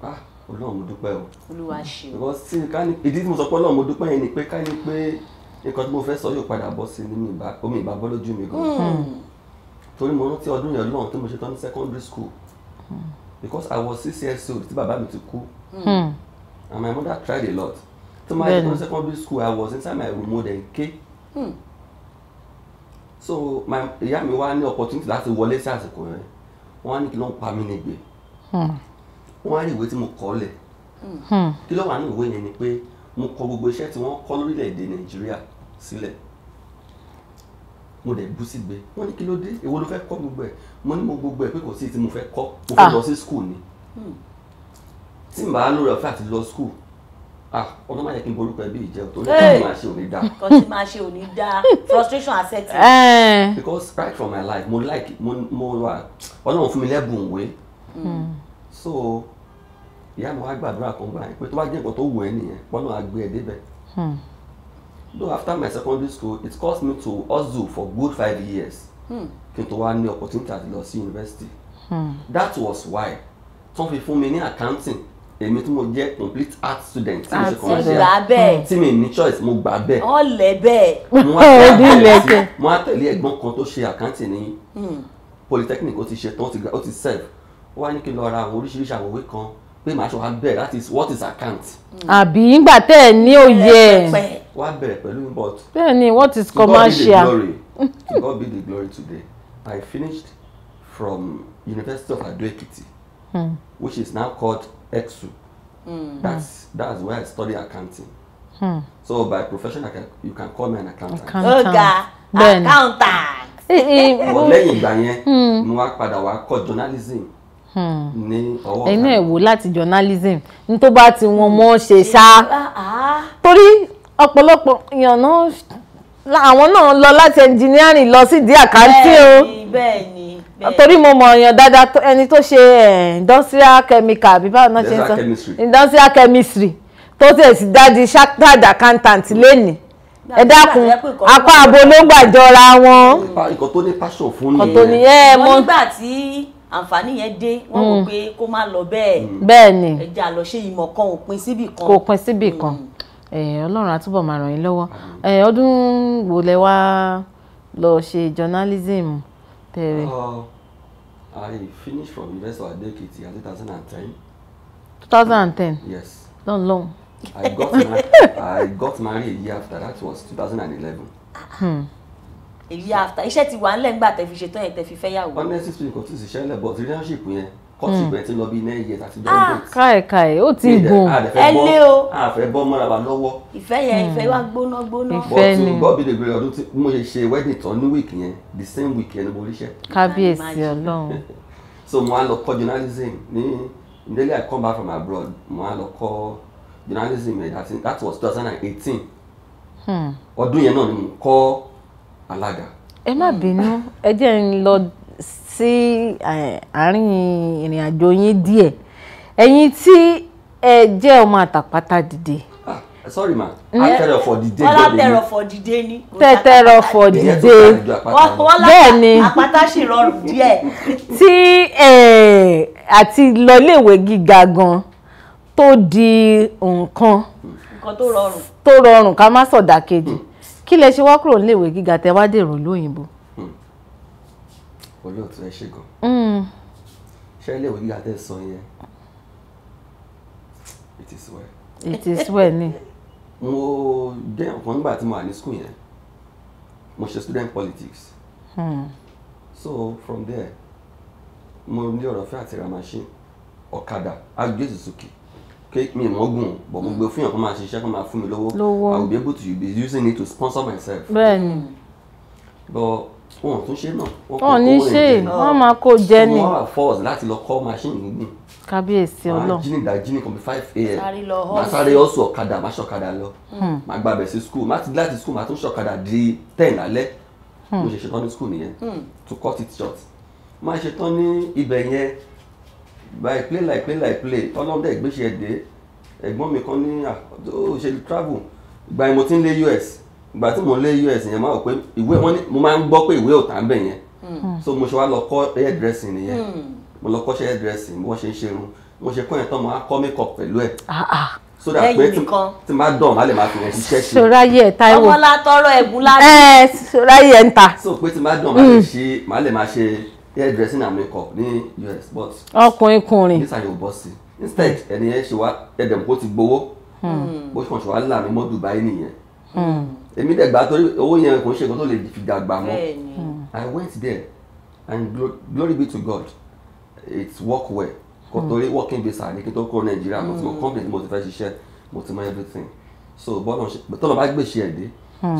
Ah, Ọlọ́run mo dúpẹ́ o. olúwa ṣe o. because tí ká ní ìdí tí mo sọ pé Ọlọ́run mo dúpẹ́ yẹn ni pé ká ní pé nǹkan tí mo fẹ́ sọ yóò padà bọ́ sí ní mi ìbá torí mo rántí ọdún yẹn lọ́n tó mo ṣe tán ní secondary school because I was six years old tí bàbá mi ti kú hmm. and my mother tried a lot tó máa yẹ tán secondary school I was inside my room more than ń ké hmm. so my ìyá mi wá ní opportunity láti wọlé sí àsìkò yẹn wọ́n á ní kí ló ń pa mí nígbè hmm. wọ́n á rí ìwé tí mo kọ lẹ̀ kí ló wà ní ìwé yẹn ni pé mo kọ gbogbo iṣẹ́ tí wọ́n kọ́ lórílẹ̀ Nàìjíríà sílẹ̀. Si mo dẹ̀ bú sígbe wọ́n ní kí ló dé èwo ló fẹ́ kọ́ gbogbo ẹ̀ mo ní mo gbogbo ẹ̀ pé kò sí tí mo fẹ́ kọ́ mo fẹ́ ah. lọ sí school ni hmm. tí màá lórí ọ̀fẹ́ àti lọ school ah ọdún máa yẹ kí n borúkọ ẹbí ìjẹun torí kí n máa ṣe òní dáa. kò tí máa ṣe òní dáa frustration accepting. Eh. because right from my life mo like mo mo wa ọlọ́run fún mi lẹ́bùn òwe hmm. so ìyá mi wá gbàdúrà kan gbà yẹn pé tó bá jẹ́ nǹkan tó wù ẹ́ nìyẹn wọ́n náà á débẹ̀. Hmm though after my secondary school it cost me to hustle for good five years hmm. kí n tó wá ní opportunity at lọ sí university hmm. that was why tó fi fún mi ní accounting èmi tí mo jẹ́ complete art student tí mo ṣe commercial tí mi ní choice mo gbà bẹ́ẹ̀. ọ̀lẹ̀ bẹ́ẹ̀. mo á tẹ̀lé ẹ̀gbọ́n kan tó ṣe accounting ní hmm. polytechnic ó ti ṣe tán ó ti serve ó wá ní kí n lọ ra àwọn oríṣiríṣi àwòwé kan pé màá ṣe wá bẹ́ẹ̀ that is what is account. àbí ngbà tẹ́ ẹ ní òye ẹ̀ wá bẹ̀rẹ̀ pẹ̀lú but. bẹ́ẹ̀ni what is commercial. to God be the glory God be the glory today I finished from University of Ado Ekiti hmm. which is now called EXU hmm. that's that's where I study accounting hmm. so by profession can, you can call me an accountant. accountant oga accountant. wọ́n eh, eh, oh. lẹ́yìn ìgbà yẹn hmm. mo wá padà wá kọ́ journalism hmm. ní ọwọ́ kan. ẹ̀yin náà wò láti journalism ní tó bá ti wọn mọ́ ṣe ṣá ah, ah. torí ọ̀pọ̀lọpọ̀ èèyàn náà àwọn náà lọ láti engineering lọ sí di àkáǹtì o torí mo mọ̀ èèyàn dáadáa ẹni tó ṣe industrial chemical àbí báwo náà ṣe ń sọ industrial chemistry tó tẹ̀ sí dájú chartered accountant lẹ́nìí ẹ dákun apá àbò ló gbàjọra wọn. nǹkan tó ní pásọ̀ fún nìyẹn. ọ̀tọ̀ nìyẹn mo. wọ́n nígbà tí àǹfààní yẹn dé wọ́n wò mm. pé kó má lọ bẹ́ẹ̀. bẹ́ẹ̀ ni ẹja lọ ṣe ìmọ̀ kan ò síbì kan. kò pin síbì kan. Mm ọlọ́run àtúbọ̀ máa ràn yín lọ́wọ́ ọdún wo lẹ wá lọ ṣe journalism tẹ̀rẹ̀. Uh, I finished from University of Adekiti in 2010. 2010? Yes. Long long. I got married, I got married a year after that was 2011. Hmm èyí after iṣẹ́ ti wà ńlẹ̀ ńgbà tẹ̀ fi ṣetán yẹn tẹ̀ fi fẹ́ yàwó. honestly speaking kò tún ṣiṣẹ́ ńlẹ̀ but relationship yẹn kọ́ọ̀tù hmm. ìbẹ̀rẹ̀ ti lọ bí nine years àti john ah, date. káìkáì ó ti gùn ẹ lé o. a fẹ́ bọ́ mọ́ra wa lọ́wọ́. ìfẹ́ yẹn hmm. ìfẹ́ wa gbóná gbóná. ìfẹ́ ni bọ́ọ̀tù gbọ́bí lè gbèrè ọdún tí mo ṣe ṣe wedding tán ní week yẹn the same week yẹn ni mo ríṣẹ́. kábíyèsí ọlọ́run. so mo á lọ kọ́ journalism ní nílẹ̀ I come back from abroad mo á lọ kọ́ journalism yẹn that was two thousand and eighteen hmm. ọdún yẹn náà ni mo kọ́ alága. ẹ má bínú ẹ jẹ́ ń lọ sí àárín ìrìn àjò yín díẹ̀ ẹ̀yin tí ẹ jẹ́ ọmọ àtàpátá dìde. Ah, sorry ma atẹrọfọ dìde gbẹdẹ ni wọn látẹrọfọ dìde ni tẹtẹrọfọ dìde bẹ́ẹ̀ ni àpáta sì rọrùn díẹ̀. tí àti lọléèwé gíga gan tó di nǹkan tó rọrùn ká má sọ̀dà kejì kí lẹ ṣe wá kúrò níléèwé gíga tẹ wá dèrò lóyìnbó olóòtú ẹ ṣe gan. Mm. ṣé ilé ìwé gíga tẹ́ sọ yẹn it is well. it is well ni. mo dé ọ̀kan nígbà tí mo wà ní school yẹn mo ṣe student politics. Hmm. so from there mo ní ọ̀rọ̀ fẹ́ àti ra machine ọ̀kadà agbé Suzuki kéèkì mi mọ̀ gùn bọ̀ mo gbé fún yàn kó máa ṣiṣẹ́ kó máa fún mi lówó I will be able to be using it to sponsor myself. bẹ́ẹ̀ni. but wọn ò tún ṣe náà. wọn ò ní ṣe wọn máa kó jẹ ni. wọn wà force láti lọ kọ́ machine gbùngbùn. kábíyèsí ọlọ́run máa jíni dá jíni kan bí five a.m. máa sáré ọ̀sùn ọ̀kadà máa ṣọ̀kadà lọ hmm. máa gba abẹ̀ school máa ti láti school máa tún ṣọ̀kadà di ten alẹ́ hmm. mo ṣe ṣetán ní school nìyẹn hmm. to cut it short máa ṣetán ní ibẹ̀ yẹn by play like play like play ọlọ́dẹ ìgbésẹ̀ dé ẹ̀gbọ́n mi kan ní ah, ó ṣe travel ìgbà yẹn mo ti ń lé US ìgbà tí mo lé us yẹn máa wò pé ìwé wọn ni mo máa ń gbọ́ pé ìwé ò tà ń bẹ̀ yẹn hmm. so mo ṣe wá lọ kọ́ hairdressing nìyẹn hmm. mo lọ kọ́ ṣe hairdressing mo ṣe ń ṣerun mo ṣe kọ́ yẹn tán mo á kọ́ make up pẹ̀lú ẹ̀ ah, ah. so that pé tí má dán má lè má fi yẹn ṣiṣẹ́ ṣe. sorayi ẹ Táíwò ọmọ la tọrọ ẹbùn láti. ẹ sorayi ẹ ń ta. so pé tí má dán má lè hmm. ṣe má lè má ṣe hairdressing and makeup ní us but. ọkùnrin kùnrin. nísà yóò bọ́ sí instead ẹni yẹn ṣe wá ẹ̀dẹ̀m kó ti gbowó bó ṣe kàn ṣe wá là mọ́ Dubai nìyẹn èmi dẹ̀ gbà torí owó yẹn kò ṣe nǹkan tó lè fi dàgbà mọ́ hmm. i went there and glory be to god it work well kò hmm. torí working visa ní kí n tó kúrò nàìjíríà mo ti mọ hmm. company mo ti fẹ́ ṣiṣẹ́ mo ti mọ everything so bọ́lá tọ́lọ̀ bá gbèsè ẹ̀ dé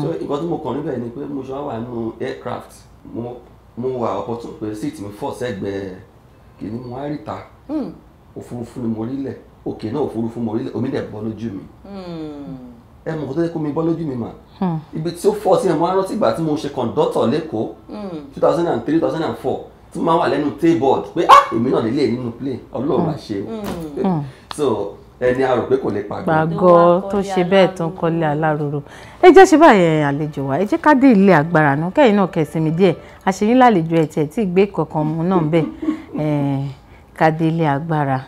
so nǹkan tí mo kàn níbẹ̀ ni pé mo ṣe wá wà nínú aircraft mo wà opportunity pé seat mi fọ́ sẹ́gbẹ̀ẹ́ kìíní mo wá ríta òfurufú ni mo rí lẹ̀ òkè náà òfurufú mo rí lẹ̀ omi dẹ̀ bọ́ lójú mi ẹ mọ̀ kó tó yẹ kó mi bọ́ lójú mi mà hmm. ibi tí ó fọ́ sí ẹ̀ mo á rántí ìgbà tí mo ṣe kọ̀ǹdọ́tọ̀ lẹ́kọ̀ọ́ hmm. two thousand and three two thousand and four tí mo máa wà lẹ́nu table pé ah èmi náà lélẹ̀ nínú play ọlọ́run hmm. máa ṣe eh, so ẹni a rò pé kò lè pàgọ́. pàgọ́ tó ṣe bẹ́ẹ̀ tó ń kọ́lé aláròrò ẹ jẹ́ ṣe báyẹn àlejò wa ẹ jẹ́ ká dé ilé àgbàrá náà kẹ́yìn náà kẹsìmí díẹ̀ àṣeyín lálejò ẹ̀ tiẹ̀ tí ì gbé kankan mu náà bẹ́ẹ̀ ká dé ilé àgbàrá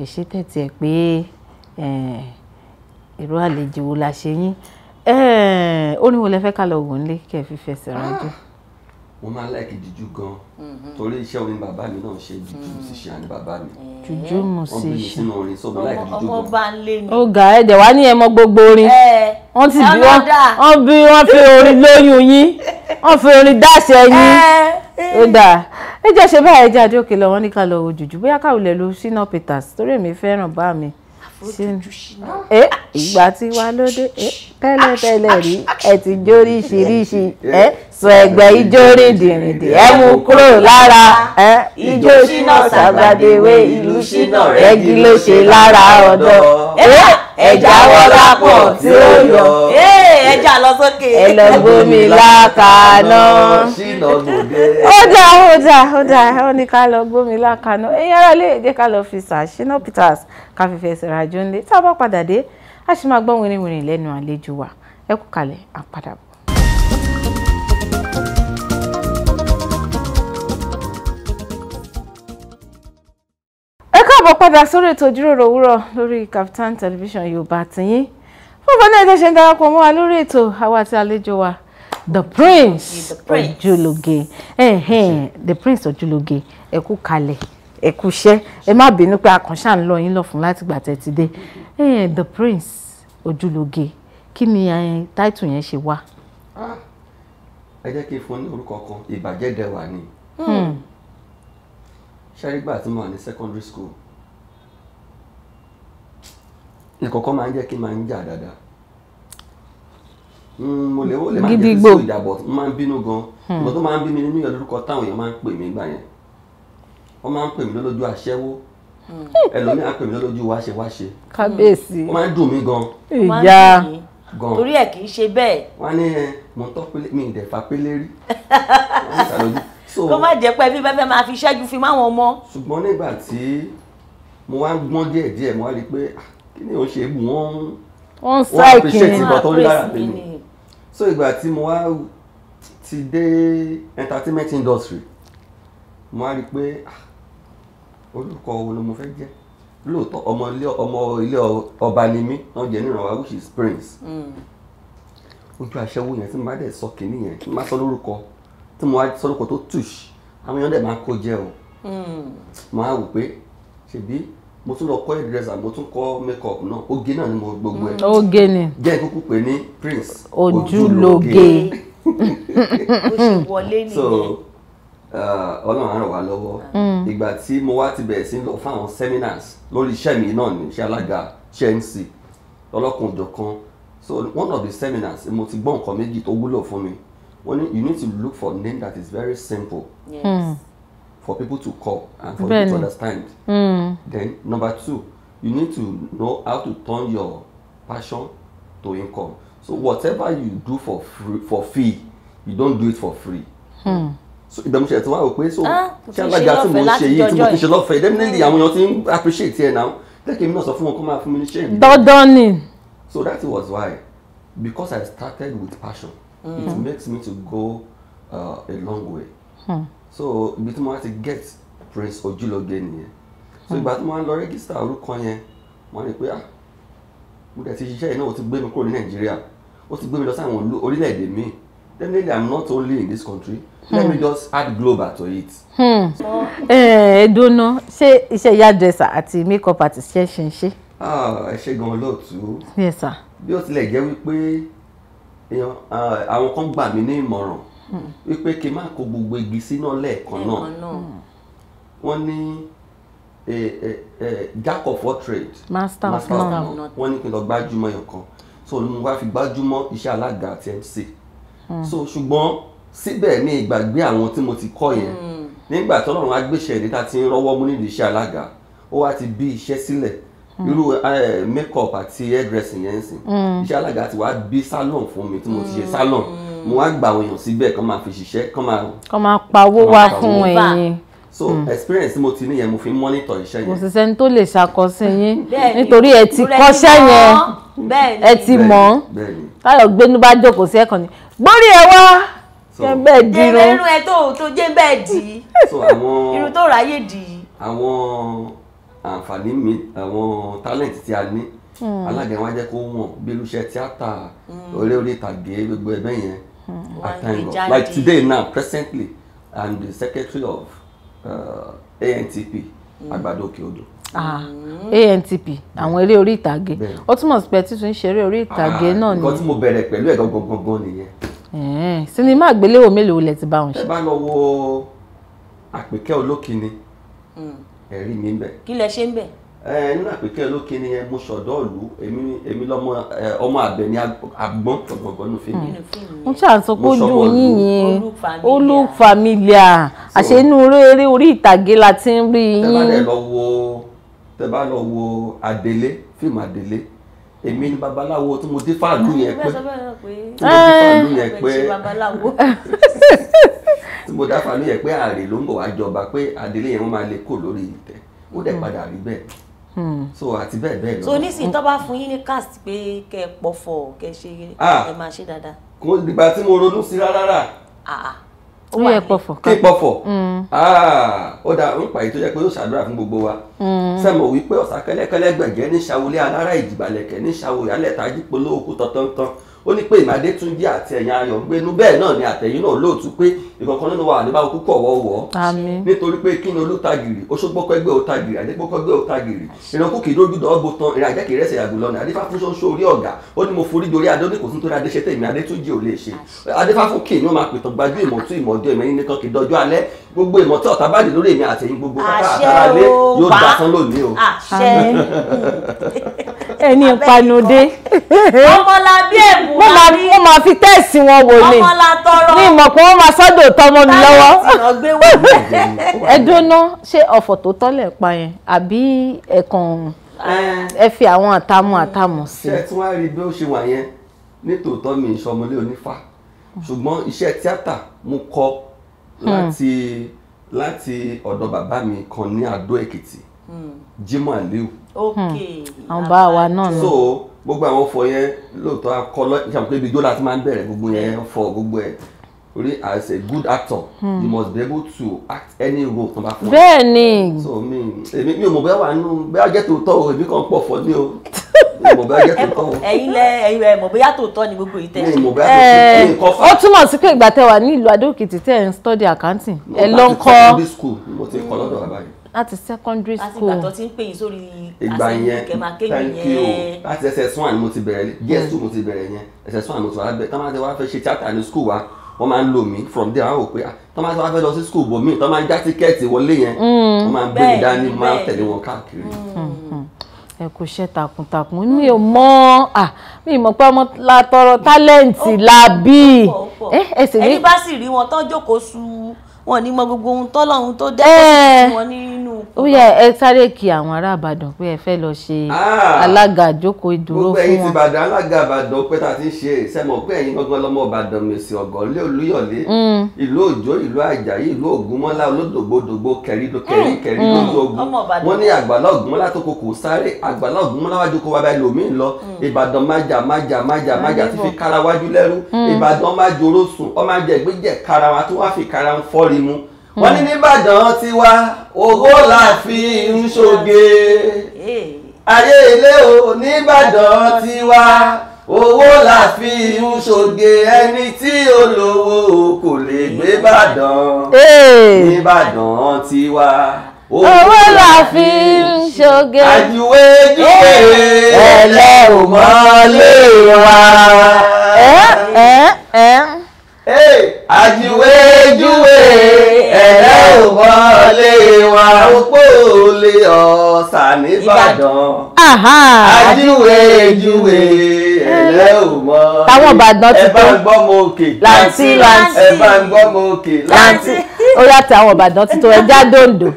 ẹ ṣe tẹ̀tì ẹ̀ pé irú àlejò wo la ṣe yín ó ní wo lẹ fẹ́ ká lọ wò nílé kẹ́ ẹ fi fẹsẹ̀ rájú. Ah! mo máa ń láìkì jùjú gan-an mm-hmm. torí iṣẹ́ orin bàbá mi náà ṣe jùjú mm-hmm. musician ni bàbá mi. jùjú musician wọ́n bí mi sínú orin so mo láìkì jùjú gan-an. ọmọ bá ń lé ni. ó ga ẹ̀dẹ̀ wá ní ẹmọ gbogbo orin wọ́n ti bí wọ́n bí wọ́n fi orin lóyún yín wọ́n fi orin dáṣẹ yín ó dáa ẹ jẹ́ ṣe báyìí jáde òkè lọ wọ́n ní ká lọ wo jùjú bóyá káwọlẹ̀ lo Shina Peters torí èmi fẹ́ràn bá mi ẹ eh, ah, ìgbà tí wà lóde eh, tẹ́lẹ̀tẹ́lẹ̀ rí ah, ẹ ti jóríṣiríṣi ẹ eh? sọ ẹgbẹ́ ijó rìndìnrìndì ẹ mú kúrò lára ijó ṣínà sàgbàdéwé ìlú ṣínà rẹ́gí ló ṣe lára ọ̀dọ́ ẹja wọ́n lápọ̀ tí ó yọ ẹja lọ sókè ẹ lọ gbómi lákàánà ó dá ó dá ó dá ó ní ká lọ gbómi lákàánà ẹ̀yin ará lè jẹ́ ká lọ fi sà Ṣínà Peters ká fi fẹsẹ̀ rajo ńlẹ̀ tá a bá padà dé a sì máa gbọ́ wìrìwìrì lẹ́nu àlejò wa ẹ kú kalẹ̀ àpadàbọ̀. káàbọ̀ padà sórí ètò ìjíròrò òwúrọ̀ lórí Kaftan television yorùbá tìyín fúnfọ náà ẹjẹ ṣe ń darapọ̀ mọ́ wa lórí ètò àwa àti àlejò wa the prince ojúlóge the prince ojúlóge ẹ kalẹ̀ ẹ iṣẹ́ ẹ má bínú pé akànṣà ń lọ yín lọ fún látìgbà tẹ́ ti dé the prince ojúlóge kí ni táìtù yẹn ṣe wá. Ah, ẹ jẹ́ kí n fún ní orúkọ kan ìbàjẹ́ dẹwà ni hmm. ṣẹ́rígbà tí mo wà ní secondary school ìkọ̀kọ́ máa ń jẹ́ kí n máa ń jà dáadáa hmm, mo lè ó lè máa jẹ́ sí ìjàbọ̀ mo máa ń bínú gan mo hmm. tó máa ń bí nínú ìyọlórúkọ táwọn èèyàn máa ń pè mí gbà yẹn wọ́n máa ń pè mí lọ́lójú aṣẹ́wó hmm. ẹlòmíì á pè mí lọ́lójú wáṣewáṣe kábíyèsí wọ́n máa ń dùn mí gan ìyá gan torí ẹ̀ kì í ṣe bẹ́ẹ̀. wọ́n á ní mo tọ́ pélé mi ìdẹ̀fà pélé rí kó má jẹ́ pé bí bẹ́ẹ̀ máa fi ṣẹ́jú fi máwọn ọmọ. ṣùgbọ́n nígbà tí mo wá ń gbọ́n díẹ̀díẹ̀ mo wá rí i pé ah, kí ni o ṣe é bù wọ́n wọ́n appreciate ìgbà tó rí lára so ìgbà tí mo wá ti dé entertainment industry mo wá rí i pé ah, olùkọ́ wo ni mo fẹ́ jẹ́ lóòótọ́ ọmọ ilé ọmọ ilé ọba ni mí wọ́n jẹ́ nírànwá which is prince hmm. ojú aṣẹ́wó yẹn tí mo bá dẹ̀ sọ kìíní yẹn tí mo bá sọ lórúkọ tí mo wá sọ lórúkọ tó tùṣ àwọn èèyàn dẹ̀ máa kó jẹ́ o hmm. mo wá wò pé ṣèbí mo tún lọ kọ́ hairdresser mo tún kọ́ makeup náà oge náà ni mo gbogbo ẹ̀. Mm, oge ni. jẹ́ kúkú pé ní prince ojúlóge. ó ṣe wọlé nìyẹn. Uh, ọlọ́run á ràn wá lọ́wọ́ mm. ìgbà tí mo wá ti bẹ̀rẹ̀ sí lọ fún àwọn seminars lórí iṣẹ́ mi náà ní iṣẹ́ alága chnc lọ́lọ́kùn òjọ̀kan so one of the seminars mo ti gbọ́ nǹkan méjì tó wúlò fún mi wọ́n ní you need to look for name that is very simple. Yes. Mm for people to call and for Bene. people to understand. Mm. Then number two, you need to know how to turn your passion to income. So whatever you do for free, for free, you don't do it for free. Hmm. So ìdààmú ṣe ẹ̀tún wá rò pé so ṣé ah, alága tí mo ṣe yìí tí mo fi ṣe lọ́fẹ̀ẹ́ definitely àwọn èèyàn ti ń appreciate ẹ̀ now lẹ́kẹ̀ mi náà sọ fún wọn kó máa fún mi ní ṣe mi. dandan ni. So that was why because I started with passion mm. it hmm. makes me to go uh, a long way. Hmm so ibi tí mo wá ti get prince ojúlóge nìyẹn so ìgbà tí mo wá lọ rẹ́gísítà orúkọ yẹn mo rí i pé ah mo dẹ̀ ti ṣiṣẹ́ yìí náà ó ti gbé mi kúrò ní nàìjíríà ó ti gbé mi lọ sáwọn orílẹ̀-èdè míì definitely i'm not only in this country let me hmm. just add global to it. Hmm. Eh, ẹ̀ẹ́dọ́nà ṣé iṣẹ́ hairdresser àti makeup artist ṣe ṣe ń ṣe. Ah, ẹ ṣe gan-an lóòtú. yes sir. bí ó tilẹ̀ jẹ́ wípé ah, àwọn kan gbà mí ní ìmọ̀ràn wípé kí n má kó gbogbo igi síná lẹ́ẹ̀kan náà hmm. wọ́n ní jack of all trades master of none wọ́n ní kí n lọ gbájúmọ́ ẹ̀yọ̀ kan so ni mo wá fi gbájúmọ́ iṣẹ́ alága àti mc hmm. so ṣùgbọ́n síbẹ̀ ní ìgbàgbé àwọn tí mo ti kọ́ yẹn hmm. nígbà tọ́lọ́run agbéṣẹ́ níta ti ń rọ́wọ́ mú nídìí iṣẹ́ alága ó wá ti bí iṣẹ́ sílẹ̀ irú makeup àti hairdressing yẹn ń sìn iṣẹ́ alága ti wá bí salon fún mi tí mo ti ṣe salon mo wá gbà àwọn èèyàn síbẹ̀ kán máa fi ṣiṣẹ́ kán máa. kán máa pawó wá fún ẹ̀yin so mm. experience mo ti ní yẹn mo fi monitor iṣẹ́ yẹn. kò sì sẹ́ni tó lè ṣàkọsí yín nítorí ẹ ti kọ́ṣẹ́ yẹn ẹ ti mọ̀ táyọ̀ gbénú bá jókòó sí ẹ̀kọ́ ni gbórí ẹ wá jẹ́ bẹ́ẹ̀ dì í. ẹnu ẹ tó tó jẹ́ bẹ́ẹ̀ dì í irun tó ráyè dì í. àwọn àǹfààní mi àwọn talent tí a ní hmm. alága wa jẹ́ kó wọ̀n bí irúṣẹ́ tíátà orí hmm. orí ìtàgé gbogbo ẹgbẹ́ yẹn mm. at time of like today now presently i'm the secretary of uh, antp mm. agbado okeodo. Ah, mm. antp àwọn eré orí ìtàgé ó túmọ̀ sí pé títún ṣe eré orí ìtàgé ah, náà ni. nǹkan tí mo bẹ̀rẹ̀ pẹ̀lú ẹ̀ gangan gangan nìyẹn. sinimá àgbéléwò mélòó lẹ ti bá wọn ṣe. ẹ bá lọ wo àpèkẹ́ olókìní mm. ẹ̀rí mi ń bẹ. kí lẹ ṣe ń bẹ nínú àpèké olókè ni mo sọ̀dọ̀ òlu èmi lọ́mọ ọmọ àbẹ̀ ni agbọ́n gbọ̀ngbọ̀n nù fèmí. mo ṣàǹsọ pé ojú yíyin olú familia àṣẹ inú eré orí ìtàgé la ti ń rí yín. tẹ bá lọ wo Adélé fíìmù Adélé èmi ni babaláwo tí mo dé fàlú yẹn pé tí mo dé fàlú yẹn pé tí mo dá fàlú yẹn pé ààrẹ ló ń bọ̀ wá jọba pé Adélé yẹn wọ́n máa lè kó lórí ìtẹ́ ó dẹ̀ hmm. padà rí bẹ́ẹ̀. Hmm. so àti bẹ́ẹ̀ bẹ́ẹ̀ lọ. so nísìnyí tó bá fún yín ní cast pé kẹ́ ẹ pọ̀fọ̀ kẹ́ ẹ ṣe ah. ẹ máa ṣe dáadáa. kò dìgbà tí mo ronú sí rárá. Ah, ó yẹ pọ̀fọ̀. kí pọ̀fọ̀ hmm. ah, ó dà ń pàyè tó yẹ pé ó ṣàdúrà fún gbogbo wa. sẹ́mo hmm. wípé ọ̀sà kẹ́lẹ́kẹ́lẹ́ gbẹ̀gẹ́ ní ṣàwọlé alára ìdìbàlẹ̀kẹ́ ní ṣàwọlé alẹ́ta jípolówó kú tọ́tọ́ntọ́ ó ní pé ìmàdé tún jẹ́ àti ẹ̀yìn ayọ̀ ń gbénu bẹ́ẹ̀ náà ni àtẹ̀yìn náà lóòtú pé ìkọ̀kan nínú wa ní bá kúkọ̀ wọ́ wọ́ nítorí pé kí ni olùtagìrì oṣogbọ́kọ́gbẹ́ òtagìrì àdégbọ́kọ́gbẹ́ òtagìrì ìrànkú kì í dójú dọ́ ọ́gbó tán ìrìn àjẹ́kì rẹ̀ ṣe yàgò lọ́nà adífá fún ṣoṣo orí ọ̀gá ó ní mo forí dorí adé oníkò tún torí adé ṣe tèmi adé tún jẹ́ ò lè ṣe adífá fún kì í ní ó máa pètàn gbajú ìmọ̀ tún ìmọ̀ ọjọ́ ìmọ̀ nìkan kì í dọjọ́ alẹ́ gbogbo ìmọ̀ tí ọ̀tá bá dì lórí èmi àtẹ̀yìn gbogbo kátà àtàrà lé yóò dá fún lónìí o. ẹni ìpanudé. ọmọlá bí ẹ̀bùn máa rí. wọ́n máa fi tẹ́ẹ̀sì wọn wò ni ní ìmọ̀ pé wọ́n máa sọ́dọ̀ tọmọ mi lọ́wọ́. ẹ dúná ṣé ọ̀fọ̀ tó tọ́lẹ̀ pa yẹn àbí ẹ̀kan ẹ fi àwọn àtàmú àtàmú sí. ṣé tí wàá rí bí ó ṣe wà yẹn nítòótọ́ mi ìṣọmọlé onífà ṣùgbọ́n iṣẹ́ tíátà mo kọ́ láti hmm. láti ọ̀dọ̀ bàbá mi kan ní Adó Èkìtì hmm. Jimoh Aliu Hmm. àwọn bá wa náà ni. so gbogbo àwọn ọfọ yẹn lóòótọ́ akọlọ ìṣàmùkú ibi ijó láti máa ń bẹ̀rẹ̀ gbogbo yẹn hmm. fọ gbogbo ẹ̀ orí as a good actor hmm. you must be able to act any role tó bá fọ. bẹ́ẹ̀ ni. so mi èmi mi ò mọ̀ bẹ́ẹ̀ wà nù bẹ́ẹ̀ jẹ́ tòótọ́ o èmi kàn pọ̀ fọ́ ni o ẹ̀yin lẹ ẹ̀yin ẹ mọ̀ bóyá tòótọ́ ni gbogbo yìí tẹ ẹ eh, ó túmọ̀ sí pé ìgbà tẹ wà ní ìlú Adó-Èkìtì tẹ ẹ ń study accounting ẹ ló ń kọ́ láti secondary school. láti ìgbà tó ti ń pè yín sórí assignment kẹmà kéyìn yẹn. láti SS one ni mo ti bẹ̀rẹ̀ yes two mo ti bẹ̀rẹ̀ yẹn SS mm. one mo ti wà lábẹ́ tọ́mọ àti wàá fẹ́ ṣe tíátà ní school wa wọ́n máa ń lò mí from there wọ́n á wò pé ah, tọ́mọ àti wàá fẹ́ lọ sí school bò mí tọ́mọ àti já tíkẹ́ẹ̀tì wọlé yẹn mm. wọ́n máa ń gbé mi dání máa ń tẹ̀lé wọn káàkiri mm. mm-hmm. ẹ kò ṣe takuntakun mi ò mọ mi mọ pé ọmọ la tọrọ tálẹ́ǹtì la eh, ẹni bá sì rí wọn tán jókòó su wọn ní mọ gbogbo ohun tọ́lọ́hun tó dẹ́kun eh. wọn nínú. ó yẹ ẹ sáré kí àwọn ará Ìbàdàn pé ẹ fẹ́ lọ ṣe ah. alága ìjókòó ìdúró fún wọn. gbogbo ẹ̀yin ti Ìbàdàn alága Ìbàdàn pé ta ti ń ṣe ìsẹ́mọ̀ pé ẹ̀yin gangan lọ́mọ Ìbàdàn mèsì ọ̀gọ́lé olúyọ̀lé mm. ìlú òjó ìlú àjàyí ìlú ògúnmọ́lá olódògbòdògbò kẹrìndó mm. kẹrí kẹrí mm. lójú ogun wọn ní àgbàlá ògúnmọ́lá tó kókò sáré àgbàlá ògúnmọ́lá wájú kó wábẹ́ lòmíì wá fi rí mú hmm. wọ́n ní nìbàdàn ti wá owó la fi ń ṣoge ayé ilé o nìbàdàn ti wá owó la fi ń ṣoge ẹni tí olówó kò lè gbé bàdàn nìbàdàn ti wá owó la ṣoge àjùwé jùwé ẹlẹ́ lè wá àjùwéjúwe ẹ̀rẹ́ ò mọ́lé wa opó lè ọ̀sà nìbàdàn. àjùwéjúwe ẹ̀rẹ́ ò mọ́lé. táwọn ìbàdàn ti tó ẹ bá ń gbọ́ mọ òkè. làǹtí làǹtí ẹ bá ń gbọ́ mọ òkè. làǹtí ó yàtọ̀ àwọn ìbàdàn ti tó ẹja dòǹdò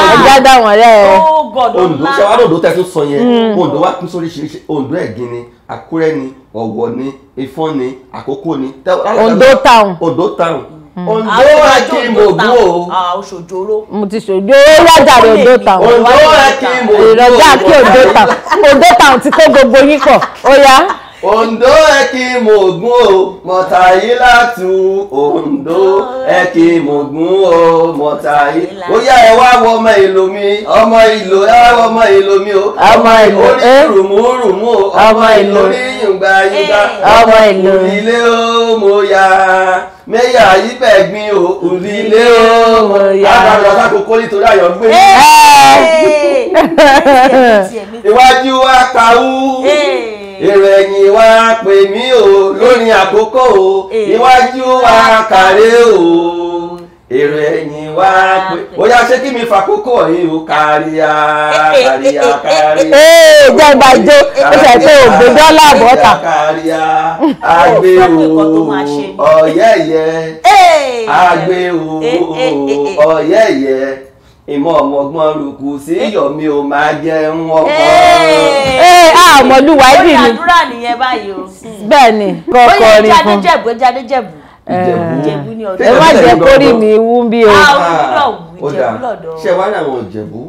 ah. ẹja dáwọn rẹ. ó gbọ́dọ̀ ńlá Oǹdó ṣe wá lóòdó tẹ́ tó sọ yẹn hmm. Oǹdó wá kún sóríṣiríṣi Oǹdó ẹ̀gìn ni àkúrẹ́ ni ọ̀wọ̀ ni ifọ̀n ni àkókò ni. ondo town. ondo town. Mm. ondo ah, akimogun o. Ah, oṣojoro. mo ti ṣojoro lájàre ondo town. ondo akimogun o. ìrọ̀jà kí ondo town ti kó gbogbo yín pọ̀ ó Ondo ẹ̀kí mògún o Murtayilatu Ondo ẹ̀kí mògún o Murtayi. ó yá ẹ wá wọ ọmọ ìlú mi ọmọ ìlú ẹ wọ ọmọ ìlú mi o. ọmọ ìlú ẹ orí rùmú rùmú o. ọmọ ìlú orí yùngbà yùngbà. ọmọ ìlú ilé o mo yá mẹ́yà ibẹ̀ gbin o òrí ilé o mo yá. àbàbà sákòókò nítorí àyọ̀ gbé. ìwájú wa kàwú èrò ẹ̀yìn wa pè mí o lórí àkókò o iwájú wa kàré o èrò ẹ̀yìn wa pè ah, ó yá ṣé kí mi fàkókò yìí o kàríyá kàríyá kàríyá. ee gbàgbà jó ó ṣe pé ògbé dọ́là bọ́tà. kàríyá Agbe oh, o ọ̀yẹ̀yẹ̀ eh. àgbé o eh, eh, ọ̀yẹ̀yẹ̀ ìmọ̀ ọmọgbọ́n rúkú sí eh. yọ̀mí o máa jẹ́ ń wọ́n kọ́. ee eh, eh, àmọ́lúwa ah, ibi mi. ó ní àdúrà nìyẹn báyìí o. bẹ́ẹ̀ ni kọ́kọ́ rí fún. ó yẹ jádéjẹ̀bú jádéjẹ̀bú. ìjẹ̀bú ni ọ̀dọ́. ẹ má jẹ́ kórìí mi wú bí o. Ah, a ò wúlọ̀ wú ìjẹ̀bú ah, lọ̀dọ̀. ṣé wàá ní àwọn ìjẹ̀bú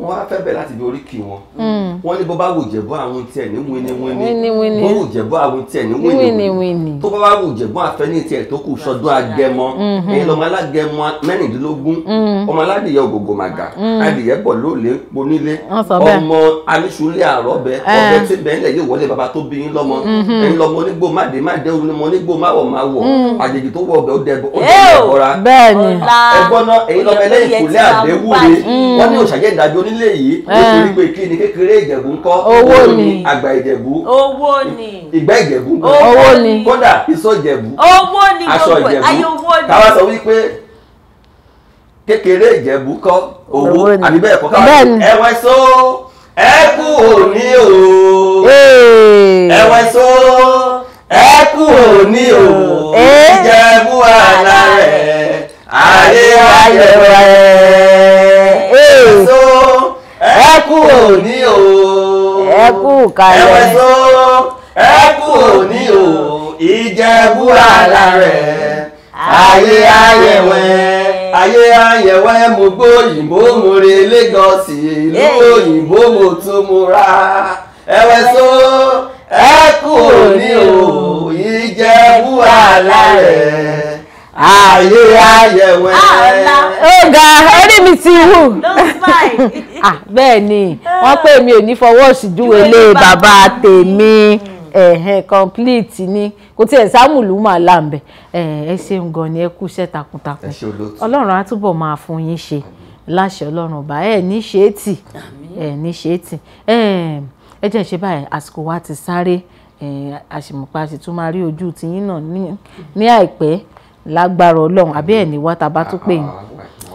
wọ́n wá fẹ́ bẹ̀ láti bí oríkì wọn hmm. wọ́n ní bó bá wò jẹ̀bọ́ àwọn tiẹ̀ ní wíníwíní bó wò jẹ̀bọ́ àwọn tiẹ̀ ní wíníwíní tó bá wá wò jẹ̀bọ́ àfẹ́ní tiẹ̀ tó kù sọdún agẹmọ èyí hmm. lọ́mọ alágẹmọ mẹ́rìndínlógún hmm. ọmọ aládìyẹ ògògò màgà adìyẹ bọ̀ lóòlé ponílé ọmọ alísùlẹ̀ àrọ́bẹ eh. ọbẹ̀ tí bẹ́ẹ̀lẹ̀ yóò wọlé baba tó bí yín lọ́mọ ẹ̀yin lọ́mọ onígbò má dé má dé onímọ̀ onígbò má wọ̀ má wọ̀ àjèjì tó wọ ọbẹ̀ ó dẹ ẹ̀gbọ́n náà ẹ̀yin lọ́mọ ẹlẹ́yìn kò lẹ́ àdéhùn rẹ̀ onílé yìí nítorí pé kí ni kékeré ìjẹ̀bú ń kọ́ owó ni àgbà ìjẹ̀bú owó ni ìgbà ìjẹ̀bú owó ni kódà ìsọ̀ ìjẹ̀bú owó ni aṣọ ìjẹ̀bú káwá sọ wípé kékeré ìjẹ̀bú kọ́ owó àbí bẹ́ẹ̀ kọ́ káwá ẹ̀wẹ̀ só ẹ òní o ẹ̀wẹ̀ só ẹ òní o ìjẹ̀bú àlàrẹ̀ ayé ayé rẹ̀ kú òní o ẹ kú kalẹ̀ ẹwẹ́ tó ẹ kú òní o ìjẹ̀bú àlà rẹ̀ ayé ayé wẹ́n ayé ayẹ̀wẹ́ mo gbóyìnbó mo re Lagos ìlú òyìnbó mo tún mo ra ẹwẹ́ tó ẹ kú òní o ìjẹ̀bú àlà ayé ayẹ̀wẹ́. ó orí mi ti wù. ló ń Ah, bẹ́ẹ̀ ni wọ́n pè mí ò ní fọwọ́ òsìdúwe lé bàbá tèmi ẹ̀hẹ̀ complete ni kò tí ẹ̀ sámùlù máa láǹbẹ̀ ẹ ṣeun gan ni ẹ kú iṣẹ́ takuntakun ọlọ́run á túbọ̀ máa fún yín ṣe láṣẹ ọlọ́run ọba ẹ ní ṣe é tì ẹ ní ṣe é tì ẹ jẹ́ ṣe báyìí àsìkò wa ti sáré àṣìmùpá sì tún máa rí ojú tiyín náà ní àìpẹ́ lágbára ọlọ́run àbí ẹ̀ ní wá tá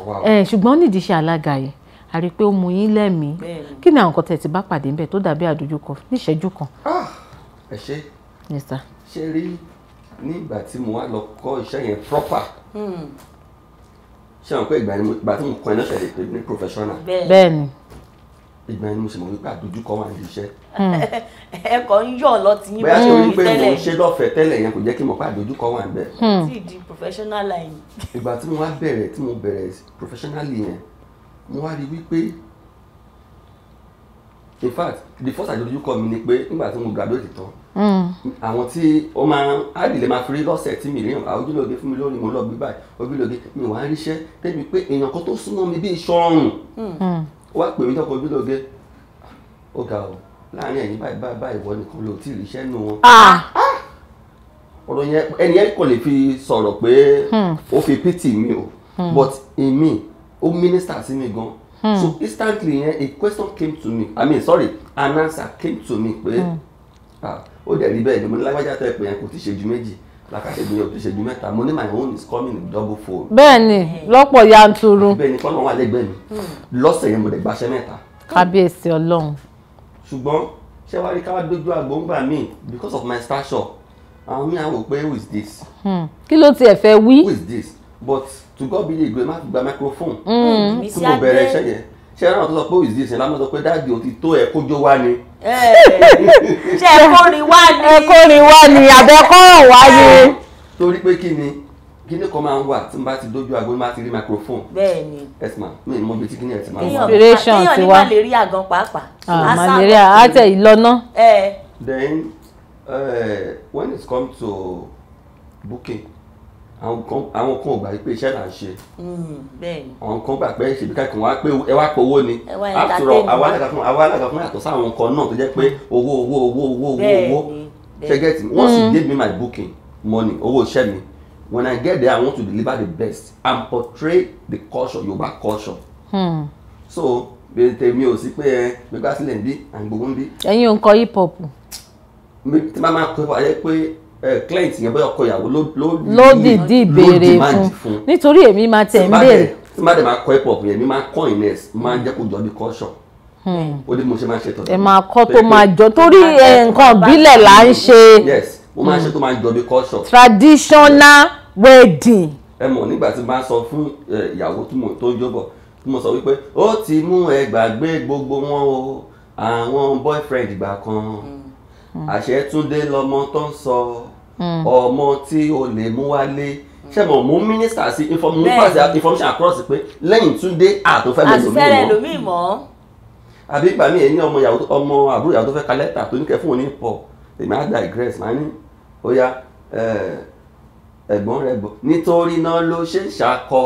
a ah, ah, ṣùgbọ́n nídìí ṣe alága yìí a rí i pé ó mu yín lẹ́mìí kí ni àwọn nǹkan tẹ̀ ti bá pàdé ńbẹ̀ tó dàbí àdójúkọ níṣẹ́jú kan. Ah, ẹ ṣe ṣe rí ní ìgbà tí mo wá lọ kọ́ iṣẹ́ yẹn proper hmm. ṣé àwọn pé ìgbà tí mo kọ́ iná ṣẹlẹ̀ pé ní professional. bẹ́ẹ̀ni ìgbà yẹn mo sì mọ wípé àdójúkọ wà ní iṣẹ́. Hmm. ẹ kàn ń yọ̀ lọ́tí yín bá ṣe rí tẹ́lẹ̀ bóyá ṣe rí pé mò ń ṣe lọ́fẹ̀ẹ́ tẹ́lẹ̀ yẹn kò jẹ́ kí mo pa àdójúkọ wà níbẹ̀. Hmm. tí ì di professional line. ìgbà tí mo wá bẹ̀rẹ̀ tí mo bẹ̀rẹ̀ professionally yẹn mo wá rí wípé in fact the first àjọyọ̀kọ mi ni pé nígbà tí mo graduate tán hmm. àwọn tí ó máa àdìlẹ̀ máa firi lọ́sẹ̀ tí mi ríran àwọn ojúlóge fún mi lónìí mo lọ gbé báyìí ojúlóge mi wà á ríṣẹ́ débi pé èèyàn kan tó súnmọ́ mi bí iṣan ọrùn hmm. ó wá pè mí tọkọ ojúlóge ó ga ọ láàrin ẹ̀yìn báyìí báyìí báyìí wọ́n nìkan ló ti ríṣẹ́ nù wọn ah! Ah! ọ̀rọ̀ yẹn ẹni yẹn kò lè fi sọ̀rọ̀ pé hmm. ó fi pity mi o but me ó minister sí mi gan hmm. so instantly yẹn a question came to me i mean sorry an answer came to me pé hmm. ah, ó dẹ̀ rí bẹ́ẹ̀ ni mo ní lágbájá tó ẹ pé yẹn kò ti ṣe méjì lákàtà ìgbìyànjú tó ṣe ju mẹ́ta mo ní my own is coming in double fold. bẹ́ẹ̀ni lọ́pọ̀ yanturu. bẹ́ẹ̀ni kọ́nà wà lẹ́gbẹ̀ẹ́ mi hmm. lọ́sẹ̀ yẹn mo dẹ̀ gbaṣẹ́ mẹ́ta. kábíyèsí ọlọ́run. ṣùgbọ́n ṣé wàá rí káwá dójú àgbóǹgbà mi because of my stature àwọn mi àwọn pé who is this. Hmm. kí ló tiẹ̀ fẹ́ wí. who is this but to God be the glory má fi gba microphone. Mm. tí mo bẹ̀rẹ̀ iṣẹ́ yẹn ṣé ẹ̀rọ àwọn tó sọ pé òyìnbó ìṣẹ̀lá máa sọ pé dáàdi òun ti tó ẹ̀ kójó wá ni. Eh, eh. ṣe ẹ̀kọ́rin wá ni. ẹ̀kọ́rin wá ni àbẹ̀kọ́rọ̀ wá ni. Eh. torí pé kí ni kíní kan máa ń wà tí n bá ti dójú aago ní bá ti rí microphone. bẹ́ẹ̀ni ẹsìn ma mi mọ ibi tí kíní ẹ ti máa wà. inspiration ti wá téèyàn ní malaria gan pàápàá. ah malaria á tẹ ìlọ́nà. then uh, when it come to booking àwọn kan àwọn kan ò gbà pé iṣẹ́ là ń ṣe. Hmm, àwọn kan gbà pé ṣèbí kankan wá pé ẹ wá powó ni after all àwa alága fún àwa alága fún yàtọ̀ sáwọn kan náà tó jẹ́ pé hmm. owó owó owó owó owó ṣẹ́gẹ́tì once you give me my booking money owó iṣẹ́ mi when I get there I want to deliver the best and portray the culture Yorùbá culture. Hmm. so tèmi ò sí pé ẹ gbégbá sílẹ̀ ń bí àgbègbè ń bí. ẹ̀yin ò ń kọ hip hop. mi ti máa ma kọ́ ẹ pé client yẹn bóyá ọkọ ìyàwó ló dìdí ìbéèrè fún nítorí èmi máa tẹ̀ ń béèrè. tí má dẹ̀ máa kọ́ hip hop yẹn mi máa kọ́ ìnẹ́s máa ń jẹ́ kó jọ bí culture hmm. ó ní mo ṣe máa ń ṣe tọ́jú. ẹ máa kọ́ tó máa jọ torí eh, nǹkan ìbílẹ̀ là ń ṣe. yes mo máa ń ṣe hmm. tó máa ń jọ bí culture. traditional wedding. ẹ mọ̀ nígbà tí máa sọ fún eh, ìyàwó tó ń jóbọ̀ tí mo sọ wípé ó ti mú ẹ gbàgbé gbogbo wọn o àwọn boyfriend ìgbà kan hmm. àṣẹ túndé lọmọ tó ń sọ Mm. ọmọ tí o lè mú wálé ṣe mọ̀ mú mínísítà sí mú pàṣẹ information across pé lẹ́yìn túndé àtúnfẹ́ lẹ́lòmíì mọ́ àbí ìgbà míì ẹni ọmọ ọmọ àbúrò ìyàwó tó fẹ́ ka lẹ́tà tó ní kẹ́ fún òní pọ̀ èmi á digress màá ní ó yá ẹ̀gbọ́n rẹ̀ gbọ́ nítorí náà ló ṣe ń ṣakọ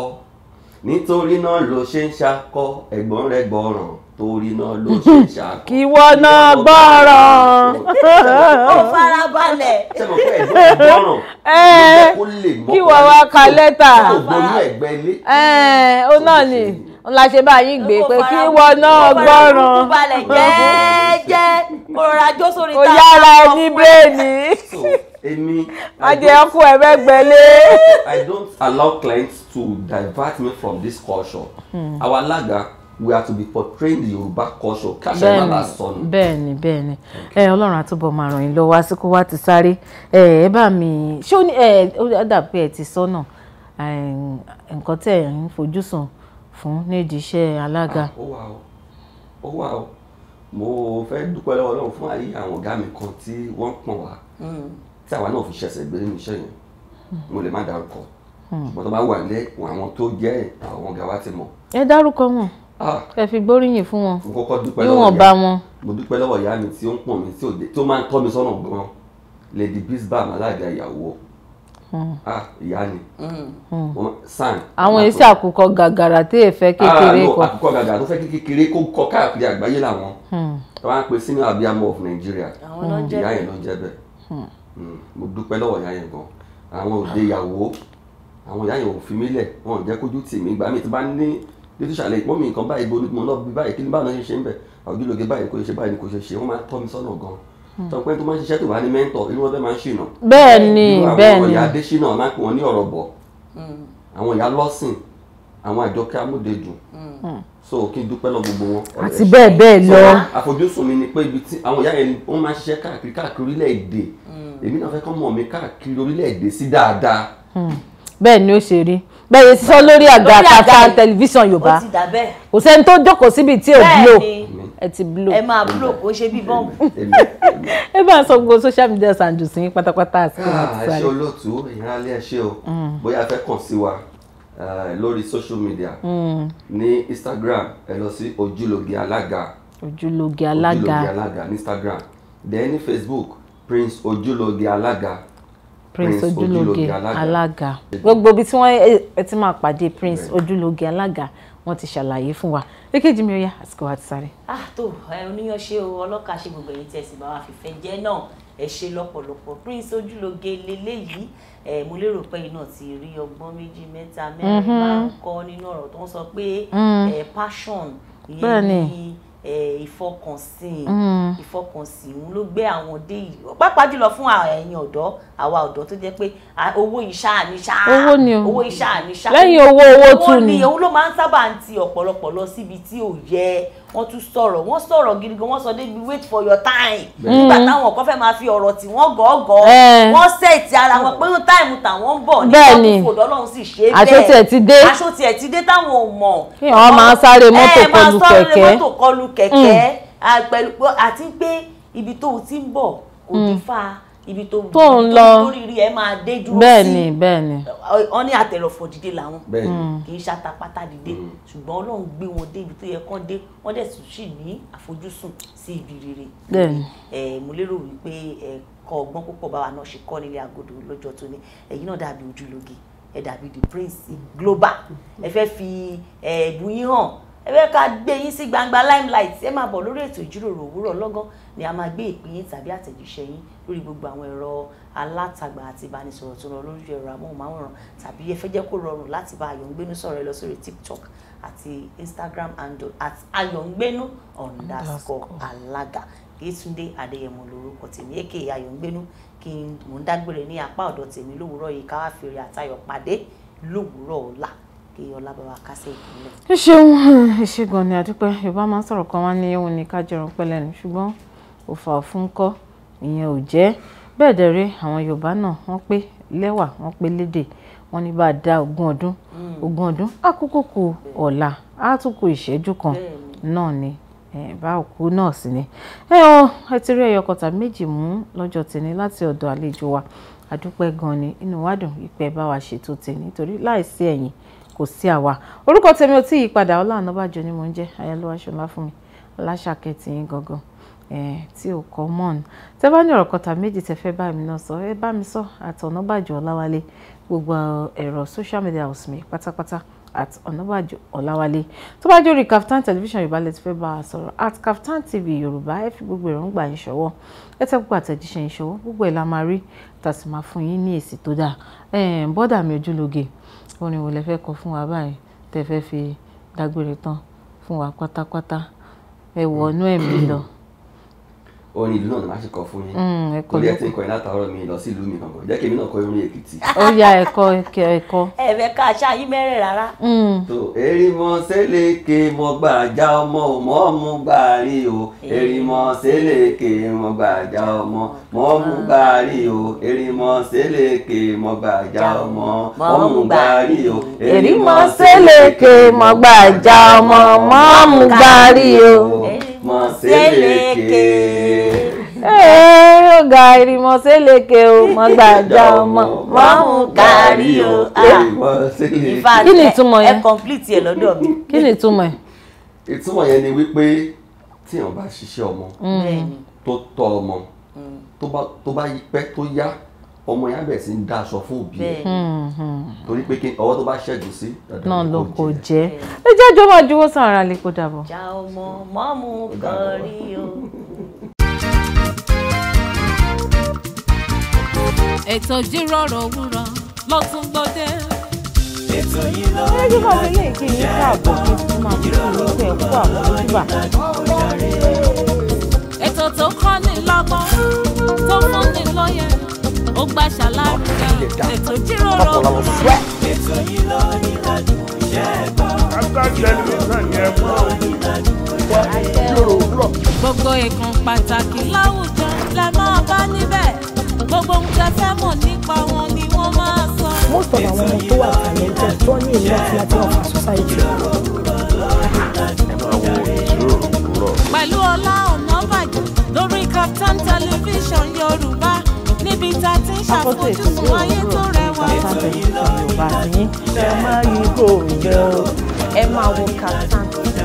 nítorí náà ló ṣe ń ṣakọ ẹ̀gbọ́n rẹ̀ gbọ́ràn torí náà ló ṣe ṣàkóso. kí wọ́n náà gbọ́rọ̀. ó farabalẹ̀. sẹ́wọ̀n eh, fún kí wọ́n wá ka lẹ́tà. kó eh, ó náà ni la ṣe bá yín gbé pé kí wọ́n náà gbọ́ràn. kó balẹ̀ jó sórí táwọn ọmọ yára ẹni bírèèni. èmi ajẹ́ ọkọ I don't allow clients to divert me from this culture. Our hmm. lager we are to be portraying the Yorùbá culture káṣẹ má bàa sọnù. bẹ́ẹ̀ni ẹ Ọlọ́run àtúbọ̀ máa ràn yín àsìkò wa ti sáré ẹ ẹ bá mi ṣé ó ní ẹ ó dàbí ẹ ti sọnà nǹkan tẹ ẹ ń fojú sùn fún nídìí iṣẹ́ alága. Ah, ó wà ó ó wà ó mo fẹ́ dúpẹ́ lọ́wọ́ Ọlọ́run fún àyè àwọn ọ̀gá mi kan tí wọ́n pọ̀n wá hmm. tí àwa náà fi ṣẹ̀ṣẹ̀ gbé nínú iṣẹ́ yẹn hmm. mo lè má dárúkọ hmm. ṣùgbọ́n tó bá wà lé àwọn tó jẹ́ àwọn ọ̀gá wa ti mọ̀. ẹ dárúkọ wọn. Ah. ẹ fi gbóríyìn fún wọn níwọ̀n bá wọn. mo dúpẹ́ lọ́wọ́ ìyá mi tí ó ń pọ̀ mí tí ó máa ń tọ́ mi sọ́nà gan-an lady bisbam alága ìyàwó hmm. ah ìyá ni hmm. hmm. san. àwọn èsì àkùkọ gàgàrà tí èèfẹ́ ah, kékeré kọ. àkùkọ gàgàrà tó fẹ́ kékeré kó kọ káàkiri àgbáyé làwọn tó wá ń pe senior abiyamọ of Nigeria ìyá yẹn ló jẹ́ bẹ́ẹ̀ mo dúpẹ́ lọ́wọ́ ìyá yẹn gan àwọn òde ah. ìyàwó àwọn ìyá yẹn ò fi mí lẹ̀ wọn ò jẹ́ kójú tì mí gbà mí tí bá ní bí kí ṣàlẹ̀ ìpọ́nmi nǹkan báyìí bo mo lọ bí báyìí kí ni báwọn náà ṣe ṣe ń bẹ̀ àwùjọlóge báyìí kò ṣe báyìí kò ṣe ṣe wọ́n máa tọ́ mi sọ́nà gan hmm. tọpẹ́ tó máa ń ṣiṣẹ́ tó bá ní mẹ́ńtọ̀ inú wọn fẹ́ máa ń ṣìnà. bẹ́ẹ̀ ni bẹ́ẹ̀ ni àwọn ìyá adésínà máa ń pè wọ́n ní ọ̀rọ̀ bọ̀ hmm. àwọn ìyá lọ́sìn àwọn àjọkẹ́ amúdejù hmm. so kí n dúpẹ́ lọ gbogbo wọn. àti bẹ́ẹ̀ bẹ́ẹ̀ lọ. àfojúsùn mi ni pé ibi tí àwọn ìyá yẹn wọ́n máa ń ṣiṣẹ́ káàkiri káàkiri orílẹ̀-èdè èmi náà fẹ́ kọ́ mọ̀ mi káàkiri orílẹ̀-èdè sí dáadáa. bẹ́ẹ̀ ni ó ṣe rí bẹ́ẹ̀ sọ lórí àga tata tẹlifíṣàn yorùbá kò sẹ́ni tó jókòó síbi tí ò blow ẹ ti blow ẹ máa blow kó ṣe bí bọ́ọ̀mù. ẹ bá a sọ gbogbo social media sanju sí pátápátá àti ìwádìí ah, sáré. ẹ ṣe olóòtú ìrànlẹ́ ẹ ṣe o mm. bóyá a fẹ́ kàn sí wa lórí social media mm. ní instagram ẹ lọ sí ojúlóge alága ojúlóge alága ojúlóge alága ní instagram then ní facebook prince ojúlóge alága prince ojúlóge alága gbogbo ibi tí wọ́n ẹ ti máa pàdé prince ojúlóge alága wọ́n ti ṣàlàyé fún wa èkejì mi ò yá àsìkò àti sáré. ah tó oníyan ṣe o ọlọ́kà ṣe gbogbo ẹ̀yin tí ẹ bá wa fìfẹ́ jẹ́ náà ẹ ṣe lọ́pọ̀lọpọ̀ prince ojúlóge leléyìí ẹ mo lérò pé iná ti rí ọgbọ́n méjì mẹ́ta mẹ́rin mhm. máa ń kọ́ nínú ọ̀rọ̀ tó ń sọ pé mm. passion ìyẹn ní ìfọkànsìn mm. ìfọkànsìn òun ló gbé àwọn dé yìí pàápàá jùlọ fún ẹ̀yin ọ̀dọ́ àwa ọ̀dọ́ tó jẹ́ pé owó ìṣá ni ṣá owó ni owó ìṣá ni ṣá lẹ́yìn owó owó tún ni òun ló máa ń sábà ń ti ọ̀pọ̀lọpọ̀ lọ síbi tí ò yẹ wọ́n tún sọ̀rọ̀ wọ́n sọ̀rọ̀ gidi gan wọ́n sọ débi wait for your time nígbà táwọn kan fẹ́ máa fi ọ̀rọ̀ tí wọ́n gọ́ọ̀gọ́ wọ́n sẹ̀tì ara wọn pé táìmù táwọn ń bọ̀ nígbà tó fòdọ́ lọ́hùn sì ṣe bẹ́ẹ̀ aṣọ́tì ẹ̀ ti dé aṣọ́tì ẹ̀ ti dé táwọn ò mọ̀ kí wọ́n máa sáré mọ́tò kọlù kẹ̀kẹ́ mọ́tò kọlù kẹ̀kẹ́ mm. àti pé ibi tó ti ń bọ̀ kò mm. ní fa ibi tó tó ń lọ lórí ẹ máa dé dúró sí bẹ́ẹ̀ni bẹ́ẹ̀ni wọn ní àtẹrọfọ dìde làwọn hmm. kì í ṣàtàpátá dìde hmm. ṣùgbọ́n Ọlọ́run gbé wọn dé ibi tó yẹ kán dé wọn dẹ̀ tún sì ní àfojúsùn sí ibi rere ẹ mo lérò wípé ẹ kọ́ ọgbọ́n púpọ̀ báwa náà ṣe kọ́ nílé agodo lọ́jọ́ tó ní ẹ̀yin náà dàbí ojúlóge ẹ dàbí the prince global ẹ fẹ́ fi ẹ̀ẹ́dùn yín hàn ẹ fẹ́ ká gbé yín sí gbangba limelight ẹ máa bọ̀ lórí ètò ìjíròrò òwúrọ̀ lọ́gán ni a máa gbé ìpín yín tàbí àtẹ̀jíṣẹ́ yín lórí gbogbo àwọn ẹ̀rọ alátagbà àti ìbánisọ̀rọ̀ tó lọ lórí ẹ̀rọ amóhùnmáwòrán tàbí ẹ fẹ́ jẹ́ kó rọrùn láti bá Ayọ̀ngbénú sọ̀rọ̀ ẹ lọ sórí TikTok àti Instagram handle at Ayọ̀ngbénú underscore alága Yétúndé Adéyẹmọ lórúkọ tèmi èké Ayọ̀ngbénú kí n mò ń dágbére ní apá ọ̀dọ̀ tèmi lówùúrọ̀ yìí ká fèrè àtayọ̀ pàdé lówùúrọ̀ ọ̀la kí ọlá bàbá kásẹ̀ ìpínlẹ̀. ẹ ṣeun ẹ ṣe gan ni àdúpẹ́ yorùbá máa ń sọ̀rọ̀ kan wá ní òun ní ká jẹun pẹ́lẹ́ ni ṣùgbọ́n òfà òfun kọ́ ìyẹn ò jẹ́ bẹ́ẹ̀ dẹ̀rẹ́ àwọn yorùbá náà wọ́n pé lẹ́wà wọ́n pé lédè wọ́n ní bá a dá ogún ọdún mm. ogún ọdún àkókò kù ọ̀la á tún kù ìṣẹ́jú kan náà ni bá òkú náà sí ni ẹ ọ ẹ ti rí ẹyọkọta méjì mú lọ́jọ́ tèmi láti ọ̀dọ̀ àlejò wa àdúpẹ́ gan ni inú wa dùn ìpẹ́ bá wa ṣètò tèmi torí láìsí ẹ̀yin kò sí àwa orúkọ tèmi ò tí ì padà Ọlá Ọ̀nàbàjọ ni mò ń jẹ́ ayálúwa ṣọlá fún mi ọláṣàkẹ́ tí yín gangan tí ò kọ́ mọ́ọ̀n tẹ bá ní ọ̀rọ̀ kọta méjì tẹ fẹ́ bá mi náà sọ ẹ bá mi sọ at Ọ̀nàbàjọ Ọláwálé gbogbo ẹ̀rọ social media house mi pátápátá at Ọ̀nàbàjọ Ọláwálé tó bá jórí Kaftan television yorùbá lẹ ti fẹ́ bá a sọ̀rọ̀ at Kaftan TV yorùbá ẹ fi gbogbo èròǹgbà yín ṣọwọ́ ẹ tẹ́ gbogbo àtẹ̀jíṣẹ́ yín ṣọwọ́ gbogbo ẹ̀ la máa rí tàṣí máa fún yín ní èsì tó dáa bọ́dà mi ojúlóge orin wo lẹ fẹ́ kọ fún wa báyìí tẹ fẹ́ fi dágbére tán fún wa pátápátá ẹ wọnú ẹ̀mí lọ orin ìlú náà láti kọ fún yín mm, torí ẹ ti ń kọ iná àtàwọn mi lọ sí ìlú mi kankan jẹ́ kí èmi náà kọ orin èkìtì. ó yá ẹ̀kọ́ ẹ̀kọ́. ẹ̀fẹ̀ ká aṣá yín mẹ́rẹ̀ rárá. tó erimọ sẹlẹkẹ mọ gbàjà ọmọ mọ mú gbàrí o erimọ sẹlẹkẹ mọ gbàjà ọmọ mọ mú gbàrí o erimọ sẹlẹkẹ mọ gbàjà ọmọ mọ mú gbàrí o erimọ sẹlẹkẹ mọ gbàjà ọmọ mọ mú gbàrí o mọ̀sẹ́lẹ̀kẹ́. ó ga ìrì mọ̀sẹ́lẹ̀kẹ́ o mọ̀ gbàjà ọmọ mọ̀ kárí o ah. kí ni ìtumọ̀ yẹn ẹ complete ẹ lọ́dọ̀ mi. kí ni ìtumọ̀ yẹn. ìtumọ̀ yẹn ni wípé tí èèyàn bá ṣiṣẹ́ ọmọ mm. tó tọ́ ọmọ mm. tó bá yí pẹ́ tó yá ọmọ yẹn bẹ̀rẹ̀ sí ń daṣọ fún òbí ẹ̀ hmm, hmm. torí pé ọwọ́ tó bá ṣẹ́gun sí náà ló kò jẹ́ ẹ jẹ́jọ́ máa juwọ́ sàn ara lè kó dàbọ̀. ja ọmọ mọ́mú kọrí o. ètò ìjíròrò òwúrọ̀ ló gbọ́dẹ́. ètò yìí ló ń yọ ọ́ ilé ìkí yìí káàbọ̀ kí fún máa tó kọ́ ni lọ́gbọ́n tó fún ni lóye ó gbà ṣàlàyé ètò jíròrò òwúrọ̀ ètò yìí lọ ìlànà ìṣẹ́ ẹ̀kọ́ gbogbo ìkan pàtàkì láwùjọ la máa bá níbẹ̀ gbogbo ohun tẹ́ fẹ́ mọ̀ nípa wọn ni wọ́n máa sọ. most of àwọn ọmọ tó wà talented tó ní ìlú àti àti ọ̀fà society. pẹ̀lú Ọlá Ọ̀nàbàjọ lórí Kaftan television Yorùbá níbi tá a ti ń ṣàfojúsùn ayé tó rẹwà. kàtàǹtì ìlú ọba yín ẹ máa yí kò yẹ o ẹ máa wo kàtàǹtì.